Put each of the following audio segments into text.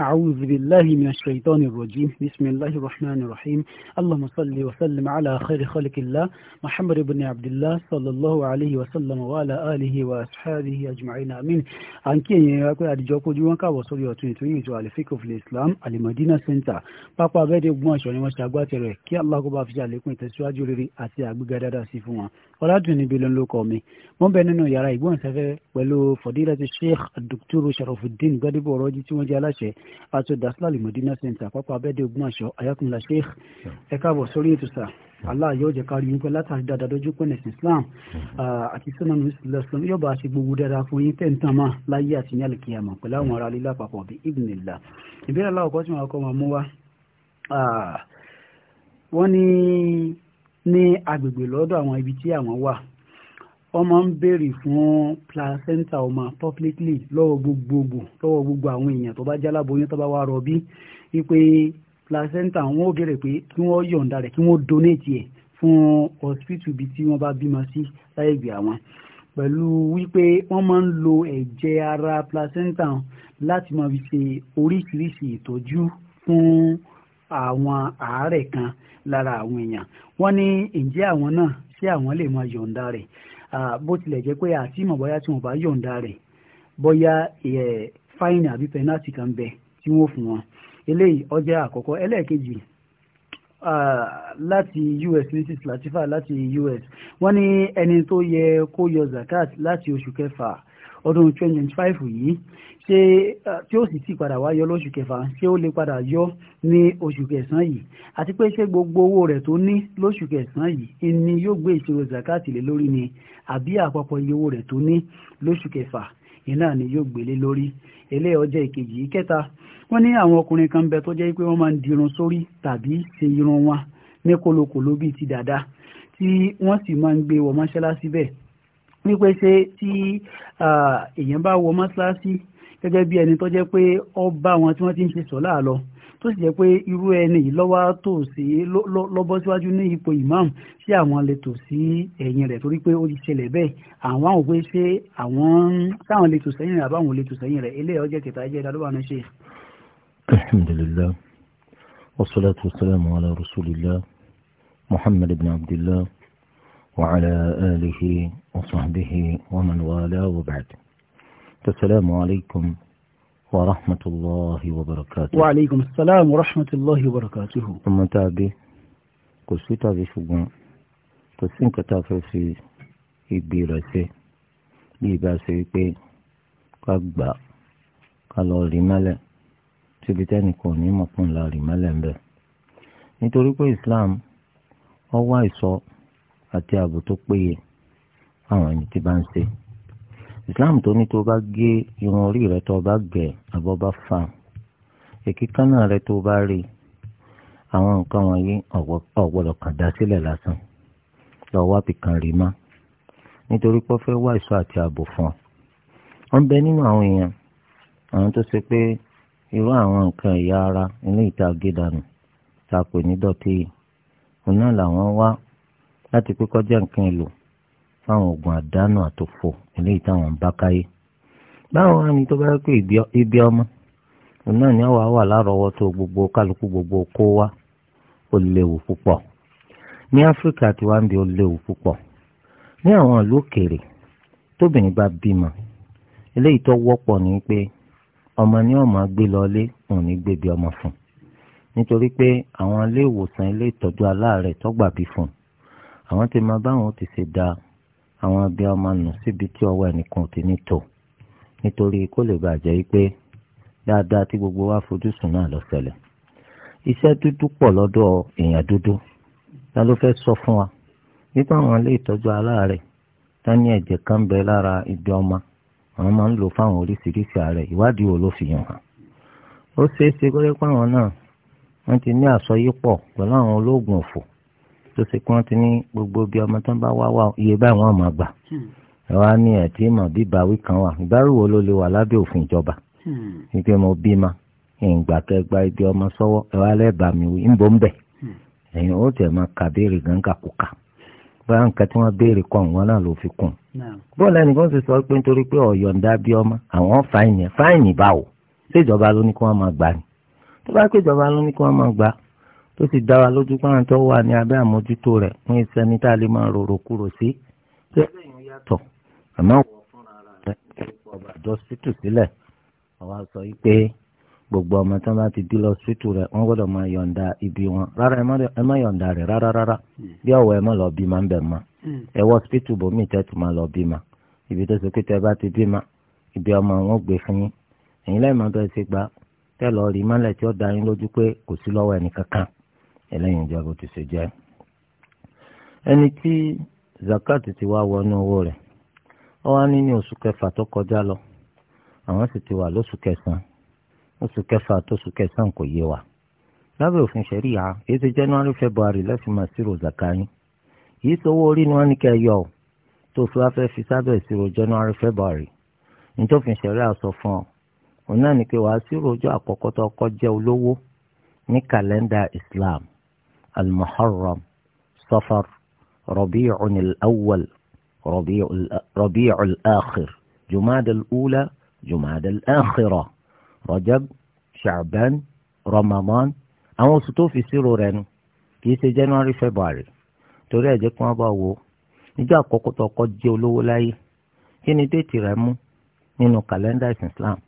أعوذ بالله من الشيطان الرجيم بسم الله الرحمن الرحيم اللهم صل وسلم على خير خلق الله محمد بن عبد الله صلى الله عليه وسلم وعلى آله وأصحابه أجمعين آمين عن كي يكون أدجو كجوان كاو سوري وتنتوين على الفقه في الإسلام المدينة سنتا بابا بيدي بموش ونما شاقوات كي الله كبا في جالكم تسواجو لري أتي أبو غدادا سيفوان ولا تني بلون لوكومي من بيننا يرى يقوان سفر ولو فضيلة الشيخ الدكتور شرف الدين غادي بوروجي تيوان جالاشي àti dasilal medina center pápá abẹ́dẹ́ ogunmaṣọ ayakunla sheikh ẹ káàbọ̀ sórí ètò sà allah yóò jẹ́ kárí yín pé látàrí dáadáa lójú pé nẹ̀sìn islam mm-hmm. uh, àti sinanu islam yóò bá a ṣe gbogbo dáadáa fún yín tẹ̀ǹtàn máa láyé àti ní àlùkìyàmọ̀ pẹ̀lú àwọn ará lílá papọ̀ bíi ibnilá ìbéèrè aláwọ̀ kọ́ tí wọ́n kọ́ máa mú wá uh, wọ́n ní ní agbègbè lọ́dọ̀ àwọn ibi tí àwọn wà ọmọ ń béèrè fún placenta ọmọ publicly lọ́wọ́ gbogbogbò lọ́wọ́ gbogbo àwọn èèyàn tó bá jáláboyún tó bá wá rọbí wípé placenta wọn ò béèrè pé kí wọ́n yọ̀ǹda rẹ̀ kí wọ́n donate ẹ̀ fún hospital bíi tí wọ́n bá bímọ sí láyẹ̀gbẹ̀ àwọn pẹ̀lú wípé wọ́n máa ń lo ẹ̀jẹ̀ ara placenta láti máa fi ṣe oríṣiríṣi ìtọ́jú fún àwọn àárẹ̀ kan lára àwọn èèyàn wọ́n ní ǹjẹ́ àwọn náà ṣé àwọn lè máa yọ̀ǹda rẹ̀ bó tilẹ̀ jẹ́ pé àti ìmọ̀ bóyá tí wọ́n bá yọ̀ǹda rẹ̀ bóyá fáìnì àbí pẹ́nàtì kan bẹ tí wọ́n fún wọn eléyìí ọjà àkọ́kọ́ ẹlẹ́ẹ̀kejì láti us mrs latifa láti us wọ́n ní ẹni tó yẹ kó yọ zakat láti oṣù kẹfà ọdún twenty twenty five yìí ṣé tí ó sì ti padà wá yọ lóṣù kẹfà ṣé ó lè padà yọ ní oṣù kẹsàn-án yìí àti pé ṣé gbogbo owó rẹ̀ tó ní lóṣù kẹsàn-án yìí ni yóò gbé ìṣirò zakati lé lórí ni àbí àpapọ̀ iye owó rẹ̀ tó ní lóṣù kẹfà iná ni yóò gbélé lórí eléyà ọjọ́ ìkejì ìkẹta wọ́n ní àwọn ọkùnrin kan bẹ tó jẹ́ pé wọ́n máa ń dirun sórí tàbí ṣe irun wọn ní kolokolo bíi ti dàda tí wọ́n sì máa ń gbé wọ mọ́ṣáláṣí bẹ́ẹ̀ wípé ṣé tí èèyàn bá wọ mọ́ṣáláṣí gẹ́gẹ́ bí ẹni tó jẹ́ pé ó bá wọn tí wọ́n ti ń ṣe sọ́lá lọ tó sì jẹ́ pé irú ẹni yìí lọ́wọ́ tò sí lọ́bọ́ síwájú ní ipò ìmáàmù sí àwọn lè tò sí ẹ̀yìn rẹ̀ torí pé ó ti ṣẹlẹ̀ bẹ́ẹ̀ àwọn àwọn òwe ṣé àwọn táwọn lè tò sẹ́yìn rẹ̀ àbáwọn lè tò sẹ́yìn rẹ̀ eléyà ọjọ́ kẹta jẹ́ ìdádọ́wà náà ṣe. alhamdulillah wassalatu wassalamu ala rasulillah muhammad ibn abdullah وعلى آله وصحبه ومن والاه وبعد السلام عليكم ورحمة الله وبركاته وعليكم السلام ورحمة الله وبركاته ọmọ tàbí kò sí tàbí ṣùgbọ́n kò sí nǹkan tá a fẹ́ fi ìgbì rẹ̀ ṣe bí ìbá ṣe wípé ká gbà ká lọ rí mẹ́lẹ̀ síbi tẹ́nìkan ò ní mọ̀kún la rí mẹ́lẹ̀ ń bẹ̀ nítorí pé Islam ó wá ìsọ. So, àti ààbò tó péye àwọn ẹni tí bá ń ṣe islam tó ní tó bá gé irun orí rẹ tó bá gbẹ àbọ̀ bá fà èkíkà náà rẹ tó bá rí àwọn nǹkan wọ̀nyí ọ̀gbọ́dọ̀ kàn dá sílẹ̀ lásán lọ wá bìkan rí má nítorí pé ó fẹ́ wá ìṣọ́ àti ààbò fún ọ wọ́n bẹ nínú àwọn èèyàn àwọn tó ṣe pé irú àwọn nǹkan ẹ̀yà ara inú ìta gé dànù ta pè ní dọ̀tí yìí òun náà làwọn wá láti pé kọjá nǹkan èlò fáwọn oògùn àdánù àtòfò eléyìí táwọn ń bá káyé báwo wá ní tó bá pé ibi ọmọ òun náà ni àwa wà lárọ̀ọ́wọ́tó gbogbo kálukú gbogbo kó wá ó léwu púpọ̀ ní áfíríkà tí wàá ń bi ó léwu púpọ̀ ní àwọn ìlú òkèèrè tóbìnrin bá bímọ eléyìí tó wọ́pọ̀ ni pé ọmọ ní ọmọ gbé lọlé òun ní gbébi ọmọ fún nítorí pé àwọn ilé ìwòsàn ilé ìtọ́jú aláàárẹ̀ tọ́gbà bí fún un àwọn ti máa báwọn ti ṣe da àwọn abẹ́ ọmọ nù síbi tí ọwọ́ ẹnìkan ti ní tò nítorí kó lè bàjẹ́ wípé dáadáa tí gbogbo wa fojú sùn náà lọ ṣẹlẹ̀ iṣẹ́ dúdú pọ̀ lọ́dọ̀ èèyàn dúdú ta ló fẹ́ sọ fún wa nípa àwọn ilé ìtọ́jú aláàárẹ̀ tá ní ẹ̀jẹ̀ kan bẹ lára ibi ọmọ àwọn máa ń lò fáwọn oríṣiríṣi àárẹ̀ ìwádìí wo ló fi hàn án ó ṣeé ṣe kó lè pa àwọn náà wọ́n ti ní àsọyípọ̀ pẹ̀lú àwọn olóògùn òfò tó ṣe kí wọ́n ti ní gbogbo bí ọmọ tó ń bá wá wá iye báyìí wọ́n máa gbà hmm. wá ní ẹ̀tí mọ̀ bí ìbáwí kan wà ìbárùwò ló lè wà lábẹ́ òfin ìjọba hmm. wípé mo bí ma ìgbà kẹgbà ibi ọmọ sọ́wọ́ ẹ wá lẹ́bàá mi wí ń bọ́ ń bẹ̀ hmm. ẹ̀yin ó tẹ̀ máa kà béèrè gàǹgà kò kà báyà nǹkan tí wọ́n béèrè kọ́ wọn náà ló fi kún bọ́ọ̀lù ẹnìkan ti sọ pé nítorí pé ọ̀yọ̀ǹda bí ọmọ àwọn fáìnì báwo ṣèjọba ló ní kí wọ́n máa gbà ni tó bá pé ìjọba ló ní kí wọ́n máa gbà tó sì dá wa lójú pé àwọn tó wà ní abẹ́ àmójútó rẹ̀ fún iṣẹ́ ní tá a lè máa rorò kúrò sí tó ẹgbẹ́ yẹn yàtọ̀ àmọ́ wọ́n fúnra rẹ̀ lọ́pọ̀ ọba àjọ sítù sílẹ̀ àwa sọ pé gbogbo ọmọ tó bá ti bí lọ sítù rẹ̀ wọ́n gbọ́dọ̀ máa yọ̀ǹda ibi wọn rárá ẹ má yọ̀ǹda rẹ̀ rárá rárá bí ọ̀wọ́ ẹ má lọ bí máa ń bẹ̀ mọ́ ẹ wọ́ sítù bòmí tẹ́ tó máa lọ bí ma ibi tó ṣe pé tẹ́ bá ti bí ma ibi ọmọ wọn gbé fún yín èyí lẹ́yìn máa bẹ́ẹ̀ ṣe gbà tẹ́ lọ rí mọ́lẹ̀ tí ó dá yín lójú pé kò sí lọ́wọ́ ẹnì kankan eléyìí jẹ́ bó ti ṣe jẹ́ ẹni tí zakat ti wá wọnú owó rẹ̀ ó wá ní ní oṣù kẹfà tó kọjá lọ àwọn sì ti wà lóṣù kẹsàn-án oṣù kẹfà tóṣù kẹsàn-án kò yé wa lábẹ́ òfin ṣẹ̀ríyà kìí ṣe january february lẹ́sìn máa ṣírò zaka yín kìí orí ni wọ́n ní kẹ́ yọ ọ́ tó fi wá fẹ́ fi sábẹ́ ìṣirò january february nítòfin ṣẹ̀ríyà sọ fún ọ òun náà ní pé wàá ṣírò ọjọ́ àkọ́kọ́ tó kọ́ jẹ́ olówó ní kàlẹ́ndà islam المحرم صفر ربيع الأول ربيع, ربيع الآخر جماد الأولى جماد الآخرة رجب شعبان رمضان àwọn oṣù tó fi sírò rẹ̀ nu kì í ṣe january february torí ẹ jẹ́ kí wọ́n bá wo níjọ́ àkọ́kọ́ tó kọ́ jẹ́ olówó láyé kí ni déètì rẹ̀ mú nínú kàlẹ́ndà ìsìn islam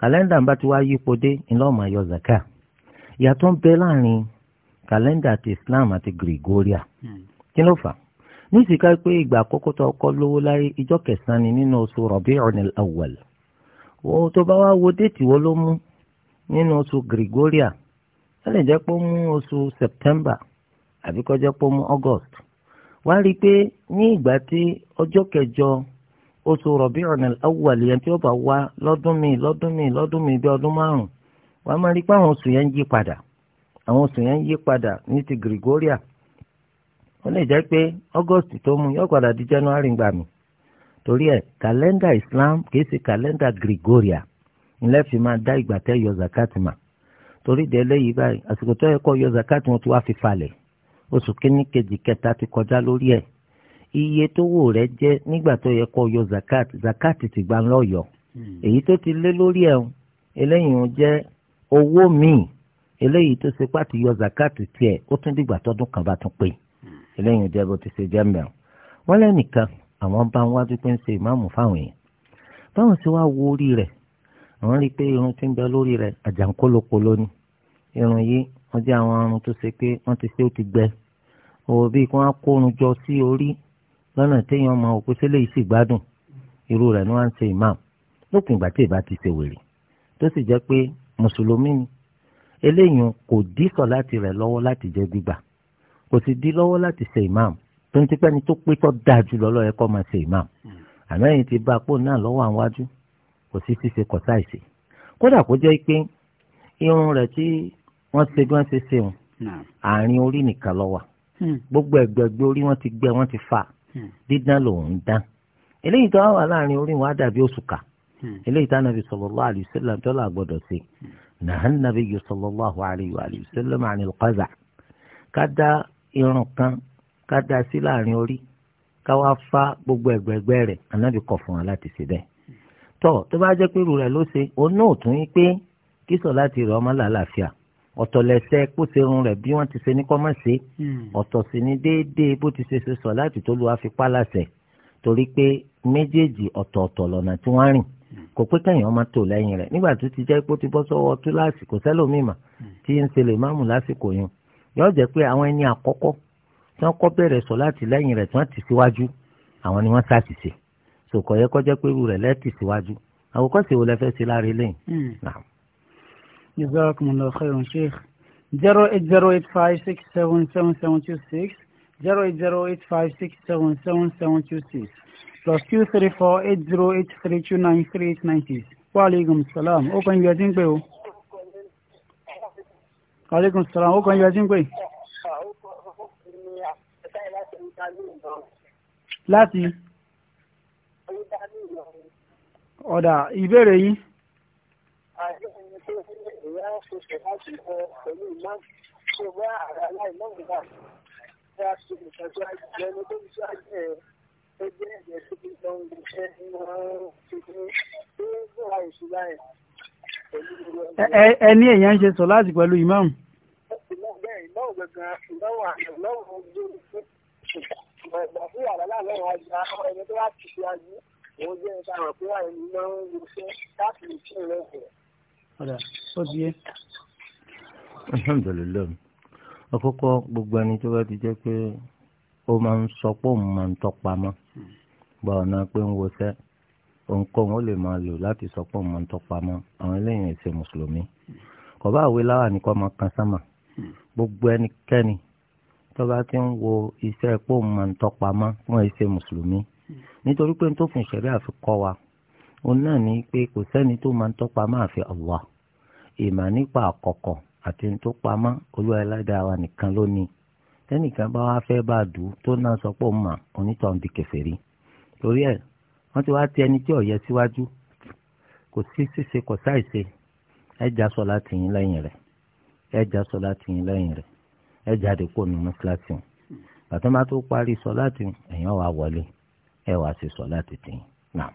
kàlẹ́ndà ń bá ti wá yípo dé ńlọ́ọ̀mọ̀ ayọ̀ zaka ìyàtọ̀ ń bẹ láàrin kàlẹ́ndà ti Islam àti Gregoria hmm. kí ló fà á níṣì ká pé ìgbà àkọ́kọ́ tó kọ́ lówó láyé ìjọ kẹsàn-án ni nínú oṣù Rabi'un al-Awwal wọ́n tó bá wá wo déètì wọ́n ló mú nínú oṣù Gregoria ẹ jẹ́ pé ó mú oṣù September àbí kó pé ó mú August wá rí i pé ní ìgbà tí ọjọ́ kẹjọ oṣù Rabi'un al-Awwal yẹn tí ó bá wá lọ́dún mi lọ́dún mi lọ́dún mi bí ọdún márùn-ún wàá máa rí i pé àwọn oṣù yẹn ń yí padà àwọn oṣù yẹn ń yí padà ní ti Gregorian ó lè jẹ́ pé August tó mú yọ padà di January ń gbà mí torí ẹ kàlẹ́ndà Islam kìí ṣe kàlẹ́ndà Gregorian ńlẹ́ fi máa dá ìgbà tẹ́ yọ zakat mà torí de eléyìí báyìí àsìkò tó yẹ kó yọ zakat wọn ti wá fi falẹ̀ oṣù kínní kejì kẹta ti kọjá lórí ẹ iye tówó rẹ jẹ nígbà tó yẹ kó yọ zakat zakat ti gbà ńlọ yọ hmm. èyí tó ti lé lórí ẹ̀ eléyìí jẹ́ owó míì eléyìí tó ṣe pàtì yọ zakati tiẹ̀ ó tún dìgbà tọdún kan bá tún pé eléyìí jẹ́ bó ti ṣe jẹ́ mẹ́rin wọ́n lẹ́nìkan àwọn bá ń wájú pé ń ṣe ìmáàmù fáwọn èèyàn báwọn ṣe wá wo orí rẹ̀ àwọn rí i pé irun ti ń bẹ lórí rẹ̀ àjàǹkólópoló ni irun yìí wọ́n jẹ́ àwọn irun tó ṣe pé wọ́n ti ṣe ó ti gbẹ òwò bíi kí wọ́n kórun jọ sí orí lọ́nà téèyàn máa òkú sílé yìí sì gbádùn irú rẹ̀ ni wọ́n ń ṣe ìmáàmù lópin ìgbà tí ìbá eléyìí kò dí sọ̀láàtì rẹ̀ lọ́wọ́ láti jẹ́ gbígbà kò sì dí lọ́wọ́ láti ṣe imam tó ń tipẹ́ ni tó pé tó dáa jù lọ́lọ́ yẹ kó máa ṣe imam àmẹ́yìn ti bá pò náà lọ́wọ́ àwọn wájú kò sí ṣíṣe kọ̀ sáìsì kódà kó jẹ́ pé irun rẹ̀ tí wọ́n ṣe bí wọ́n ṣe ṣe wọn àárín orí nìkan ló wà hmm. gbogbo ẹ̀gbẹ̀gbẹ̀ orí wọn ti gbẹ wọn ti fà hmm. dídán lòun dán eléyìí tó wà láàárín orí wọn á dàbí òṣùkà hmm. eléyìí tó ànábì sallallahu alaihi wasallam tó là gbọdọ̀ nàá nàbí yìí sallallahu alayhi wa sallam ànil qaza ká dá irun kan ká dá sí láàrin orí ká wá fá gbogbo ẹgbẹgbẹ rẹ̀ ànábì kọ̀ fún wa láti ṣe bẹ́ẹ̀ tọ tó bá jẹ́ pé irú rẹ̀ ló ṣe òun náà tún yín pé kí sọ láti rẹ̀ ọmọ làlàáfíà ọ̀tọ̀ lẹ́sẹ̀ kó ṣe irun rẹ̀ bí wọ́n ti ṣe ní kọ́ mọ̀ ṣe ọ̀tọ̀ sì ni déédéé bó ti ṣe ṣe sọ láti tó lu àfipá láṣẹ torí pé méjèèjì ọ̀tọ̀ọ̀tọ̀ lọ́nà tí wọ́n rìn kò pé kẹ́yìn ọmọ tó lẹ́yìn rẹ̀ nígbà tó ti jẹ́ pé ó ti bọ́ sọ́wọ́ túláàsì kò sẹ́lòmíìmà tí ń ṣe lè má mú lásìkò yẹn yóò jẹ́ pé àwọn ẹni àkọ́kọ́ tí wọ́n kọ́ bẹ̀rẹ̀ sọ láti lẹ́yìn rẹ̀ tí wọ́n ti síwájú àwọn ni wọ́n ṣàṣìṣe sòkò yẹ kọjá pé irú rẹ̀ lẹ́tì síwájú àwòkọ́ sì wo lẹ fẹ́ ṣe láre lẹ́yìn. Hmm. jazakumullahu khairan zero eight zero eight five six seven seven seven two six zero eight zero eight five six seven seven seven two six plus two three four eight zero eight three two nine three eight nine six wa aleykum salaam ó kàn yíyá tí ń pè o aleykum salaam ó kàn yíyá tí láti. ọ̀dà ìbéèrè yín. Thank you ó jẹ́ ẹ̀jẹ̀ tó ti lọ ń gbèsè èèyàn ń ṣe sọ láti pẹ̀lú imam. Ọ̀dà ó ti yé. Alhamdulilayi àkọ́kọ́ gbogbo ẹni tó bá ti jẹ́ pé ó máa ń sọ pé òun máa ń tọpa mọ́ gba ọ̀nà pé ń wọṣẹ́ ohunkóhun ó lè máa lò láti sọ pé òun tó pamọ́ àwọn eléyìí ẹ̀ ṣe mùsùlùmí kò bá àwé láwà ní kó máa kan sámà gbogbo ẹnikẹ́ni tó bá ti ń wo iṣẹ́ pé òun máa ń tọ́ pamọ́ fún ẹ̀ mùsùlùmí nítorí pé tó fún ìṣẹ̀rí àfikọ́ wa òun náà ní pé kò sẹ́ni tó máa ń pamọ́ àfi Allah ìmọ̀ nípa àkọ́kọ́ àti tó pamọ́ olúwa ẹlẹ́dàá wa nìkan lónìí tẹ́nìkan bá wá fẹ́ bá dùn tó náà sọ pé òun mà onítọ̀ ń di kèfèrí torí ẹ̀ wọ́n ti wá ti ẹni tí ọ̀yẹ́ síwájú kò sí ṣíṣe kò sáìṣe ẹja sọ láti yín lẹ́yìn rẹ̀ ẹja sọ láti yín lẹ́yìn rẹ̀ ẹja àdìpọ̀ nínú mọ́sálásí bàtà máa tó parí sọ láti ẹ̀yàn wà wọlé ẹ wàá sì sọ láti tì yín náà.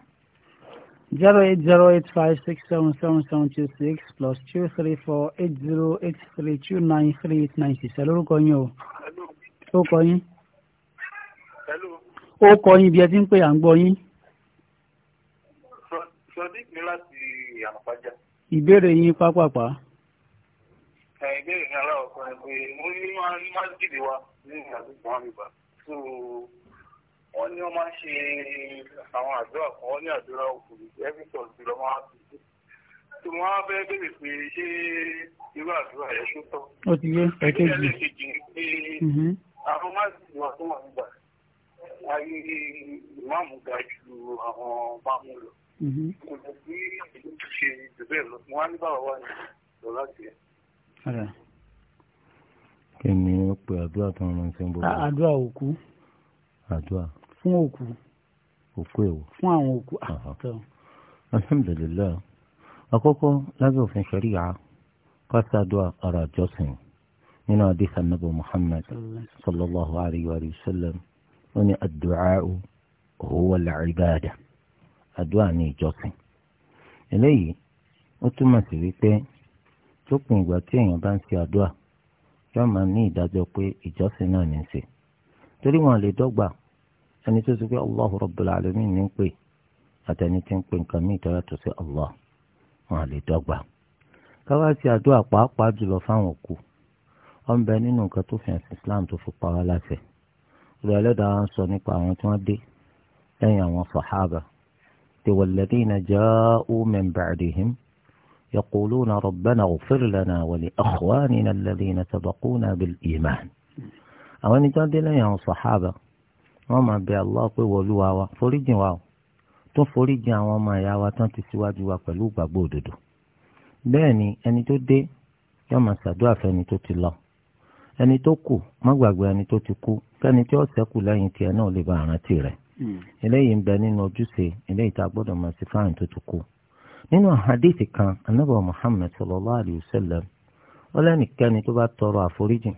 zero eight zero eight five six seven seven seven two six plus two three four eight zero eight three two nine three eight nine six ẹ lórúkọ yín o lórúkọ yín ó kọ yín bí ẹ ti ń pè à ń gbọ́ yín. sọdík ní láti àmàpájà. ìbéèrè yín pápápá. ìbéèrè ní aláwọ̀kọ́ ẹ pé mo ní máa ń má jìdí wa ní àdúgbò wọn nígbà tó wọ́n ní wọ́n máa ń ṣe àwọn àdúrà kan wọ́n ní àdúrà òkú ẹbí tọ̀sí lọ́ máa fi tí wọ́n á bẹ́ẹ̀ bèrè pé ṣé irú àdúrà yẹn ṣó tọ́. ó ti yé ẹ̀kejì. Mm-hmm. àwọn máa ń jìdí wa tó wà nígbà ayé ìmáàmù ga ju àwọn máàmù lọ. Mhm. kò lọ sí ìlú tó ṣe jù bẹ́ẹ̀ lọ wọn á ní bàbá wa ní lọ láti ẹ̀. kí ni ó pe àdúrà tó ń rán sí gbogbo. àdúrà òkú. àdúrà. fún òkú. òkú èwo. fún àwọn òkú. Ah, alhamdulilayi àkọ́kọ́ lábẹ́ òfin ṣẹ̀ríyà kásádùá ara jọ́sìn nínú àdìsá nàbọ̀ muhammed sallallahu alayhi wa sallam. ó adu'a o huwa al-ibada àdúrà ní ìjọsìn eléyìí ó túmọ̀ sí wípé tópin ìgbà tí èèyàn bá ń ṣe àdúrà yóò máa ní ìdájọ́ pé ìjọsìn náà ní í ṣe torí wọn lè dọ́gba ẹni tó ti pé Allahu Rabbul Alamin ní ń pè àtẹni tí ń pè nǹkan mí ìtọ́ra tó ṣe Allah wọn lè dọ́gba káwá ti àdúrà pàápàá jùlọ fáwọn òkú ọ̀nbẹ nínú Islam tó fi ìrọ̀lẹ́dà ń sọ nípa àwọn tí wọ́n dé lẹ́yìn àwọn sàhábà tí walladhina ja'u min ba'dihim yaquluna rabbana ighfir lana wa li akhwanina alladhina sabaquna bil iman. àwọn ẹni tí wọ́n dé lẹ́yìn àwọn sàhábà wọ́n máa bẹ Allah pé wọlúwa wa foríjìn wa o tó foríjìn àwọn ọmọ ìyá wa tán ti síwájú wa pẹ̀lú ìgbàgbọ́ òdodo bẹ́ẹ̀ ni ẹni tó dé yóò ẹni tó kù má gbàgbé ẹni tó ti kú kẹ́ni tí ó ṣẹ́kù lẹ́yìn tiẹ̀ náà lè ba àrántí rẹ̀ hmm. eléyìí ń bẹ nínú ojúṣe eléyìí tá a gbọ́dọ̀ máa ṣe fáwọn tó ti kú nínú àhadíìsì kan anábọ Muhammad sallallahu alayhi wa sallam ó lẹ́nìkẹ́ni tó bá tọrọ àforíjì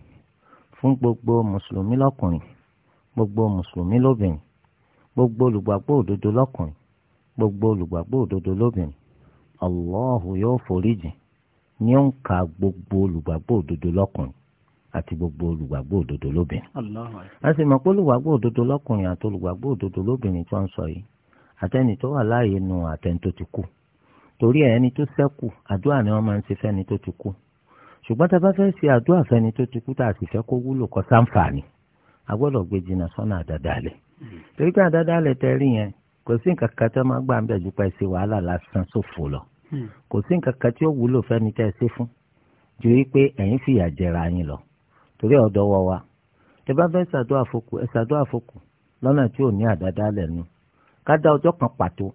fún gbogbo mùsùlùmí lọ́kùnrin gbogbo mùsùlùmí lóbìnrin gbogbo olùgbàgbọ́ òdodo lọ́kùnrin gbogbo olùgbàgbọ́ òdodo lóbìnrin Allahu yóò foríjì ní òǹkà gbogbo olùgbàgbọ́ òdodo lọ́kùnrin àti gbogbo olùgbàgbọ́ òdodo lóbìnrin. a sì mọ̀ pé olùgbàgbọ́ òdodo lọ́kùnrin àti olùgbàgbọ́ òdodo lóbìnrin tí wọ́n ń sọ yìí àtẹni tó wà láàyè nu àtẹni tó ti kú torí ẹni tó ṣẹ́kù àdúrà ni wọ́n máa ń ṣe fẹ́ni tó ti kú ṣùgbọ́n tá a bá fẹ́ ṣe àdúrà fẹ́ni tó ti kú tá a sì fẹ́ kó wúlò kó sáǹfààní a gbọ́dọ̀ gbé jìnnà sọ́nà àdádálẹ̀ hmm. torí pé àdádálẹ̀ tẹ́ rí yẹn kò sí nǹkan kan tó máa gbà ń bẹ̀ ju pa ẹ̀sìn wàhálà lásán ṣòfò lọ hmm. kò sí nǹkan kan tí ó wúlò fẹ́ni tẹ́ ẹ ṣe fún ju wípé ẹ̀yin fìyà jẹra yín lọ torí ọ̀dọ́ wọ wa tẹ bá fẹ́ ṣàdúrà fòkù ẹ ṣàdúrà fòkù lọ́nà tí ò ní àdáda lẹ̀ ká dá ọjọ́ kan pàtó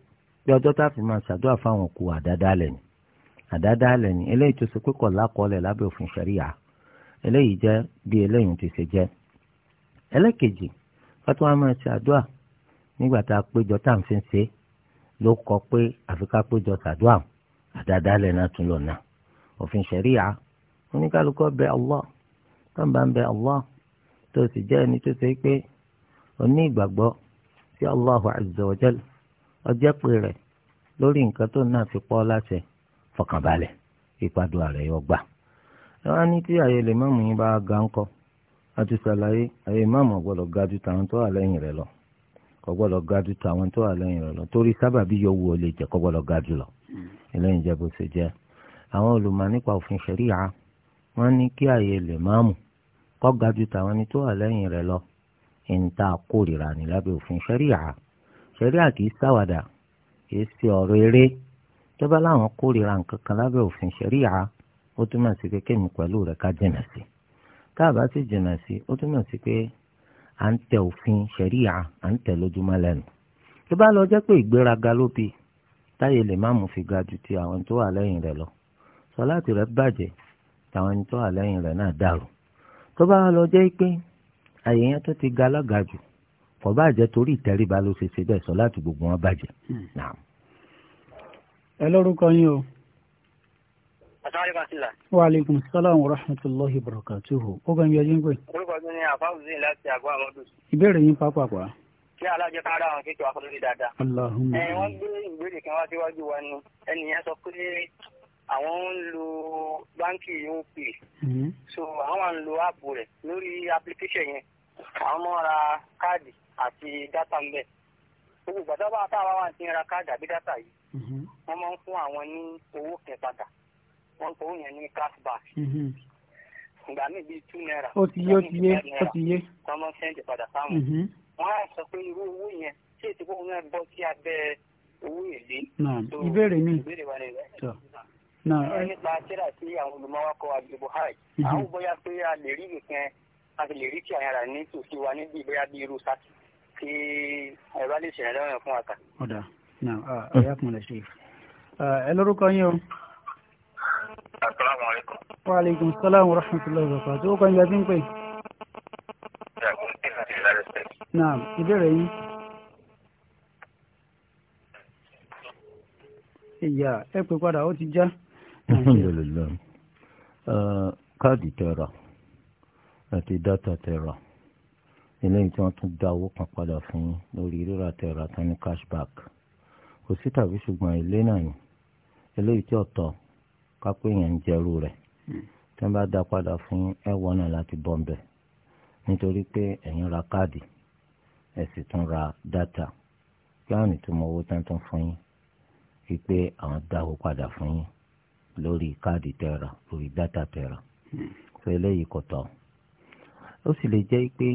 bí ọjọ́ tá a fi máa ṣàdúrà fáwọn òkú àdáda lẹ̀ ni àdáda lẹ̀ ni eléyìí tó ṣe pé kọ̀ lákọọ́lẹ̀ lábẹ́ òfin ṣẹ̀ríyà eléyìí jẹ́ bí eléyìí ti ṣe jẹ́ ẹlẹ́kejì wọ́n tún wá máa ṣe àdúrà nígbà tá a péjọ tá à ń fi ṣe ló kọ pé àfi ká péjọ ṣàdúrà àdáda lẹ̀ náà tún lọ náà òfin ṣẹ̀ríyà oníkálukọ́ bẹ Allah tán bá ń bẹ allah tó sì jẹ́ ẹni tó ṣe pé ó ní ìgbàgbọ́ sí allahu azza wa jal ọjọ́ pé rẹ̀ lórí nǹkan tó náà fi pọ́ láṣẹ fọkànbalẹ̀ ìpàdé rẹ̀ yọ gbà. ẹ wá ní tí àyè lè má mú yín bá ga ńkọ́ àti sàlàyé àyè má mọ̀ gbọ́dọ̀ ga ju tàwọn tó wà lẹ́yìn rẹ̀ lọ kò ga ju tàwọn tó wà lẹ́yìn rẹ̀ lọ torí sábàbí yòówù ó lè jẹ́ kò gbọ́dọ̀ ga jù lọ eléyìí jẹ́ bó ṣe jẹ́ àwọn olùmọ̀ nípa òfin ṣẹ̀ríyà wọ́n ní kí àyè lè má kó ga ju tàwọn ẹni tó wà lẹ́yìn rẹ̀ lọ ẹni tá a kórìíra ní lábẹ́ òfin ṣẹ́ríà ṣẹ́ríà kì í ṣàwàdà kì í ṣe ọ̀rọ̀ eré tọ́ba láwọn kórìíra nǹkan kan lábẹ́ òfin ṣẹ́ríà ó túmọ̀ sí pé kémi pẹ̀lú rẹ̀ ká jìnà sí tá a bá sì jìnà sí ó túmọ̀ sí pé à ń tẹ òfin ṣẹ̀ríà à ń tẹ lójúmọ́ lẹ́nu. tó lọ jẹ́ pé ìgbéraga ló bi táyé lè má mú fi ga ju ti àwọn tó wà lẹ́yìn rẹ̀ lọ sọ láti rẹ̀ bàjẹ́ tàwọn tó wà lẹ́yìn rẹ̀ náà dàrú tó bá lọ jẹ́ pé àyè yẹn tó ti ga alága jù kò bá jẹ́ torí ìtẹríba ló ṣe ṣe bẹ́ẹ̀ sọ láti gbogbo wọn bàjẹ́. Hmm. ẹ lórúkọ yín o. Wa alaikum salam wa rahmatullahi wa barakatuhu. Ó gbẹ̀mí ẹjú ń Orúkọ mi ni Àfáwùzín láti àgọ́ àmọ́dù. Ìbéèrè yín pápákọ̀. Kí alájọ ká ara àwọn kékeré wa fún lórí dáadáa. Ẹ wọ́n gbé ìbéèrè kan wá síwájú wa ni ẹnìyẹn sọ pé àwọn ń lo báńkì opay mm-hmm. so àwọn máa ń lo áàpù rẹ̀ lórí application yẹn àwọn máa ra káàdì àti dátà ń bẹ gbogbo ìgbàdá bá wà ní ra káàdì àbí dátà yìí mm-hmm. wọ́n máa ń fún àwọn ní owó kẹ́ padà yẹn ní cashback mm-hmm. ìgbà míì naira ó ti yé ó ti yé ó ti yé wọ́n máa ń sẹ́ǹdì padà fáwọn wọ́n á sọ pé irú owó yẹn nípa tíra sí àwọn olùmọwákọ àgbègbè hajj mhm. àwọn bóyá pé a lè rí nìkan a sì lè rí tí àyàrá ní tòsí wa níbi bóyá bí irú sákì kí ẹ̀rọ lè ṣẹ̀rẹ̀ lọ́rùn fún àkà. ọ̀dà náà ẹ̀yà kan lè ṣe ẹ lórúkọ yín o. asalaamualeykum. wa aleykum salaam wa rahmatulahi wa barakatuh ó kàn yín ẹbí ń pè. náà ìbéèrè yín. ìyá ẹ pè padà ó ti já. Ja alhamdulilayi uh, káàdì tẹ́ra àti dátà tẹ́ra eléyìí tí wọ́n tún dá owó kan padà fún yín lórí rírà tẹ́ra tán ní cashback kò sí tàbí ṣùgbọ́n ilé náà ni eléyìí tí ọ̀tọ̀ kápẹ́ yẹn ń jẹ́rú rẹ̀ hmm. tí wọ́n bá dá padà fún yín ẹ̀ wọ́n náà láti bọ́ ńbẹ̀ nítorí pé ẹ̀yin ra káàdì ẹ̀ sì tún ra dátà kí àwọn ìtumọ̀ owó tán tún fún yín wípé àwọn dáwó padà fún yín lórí káàdì tẹ́ra lórí dátà tẹ́ra sọ eléyìí kò tọ́ ó sì lè jẹ́ pé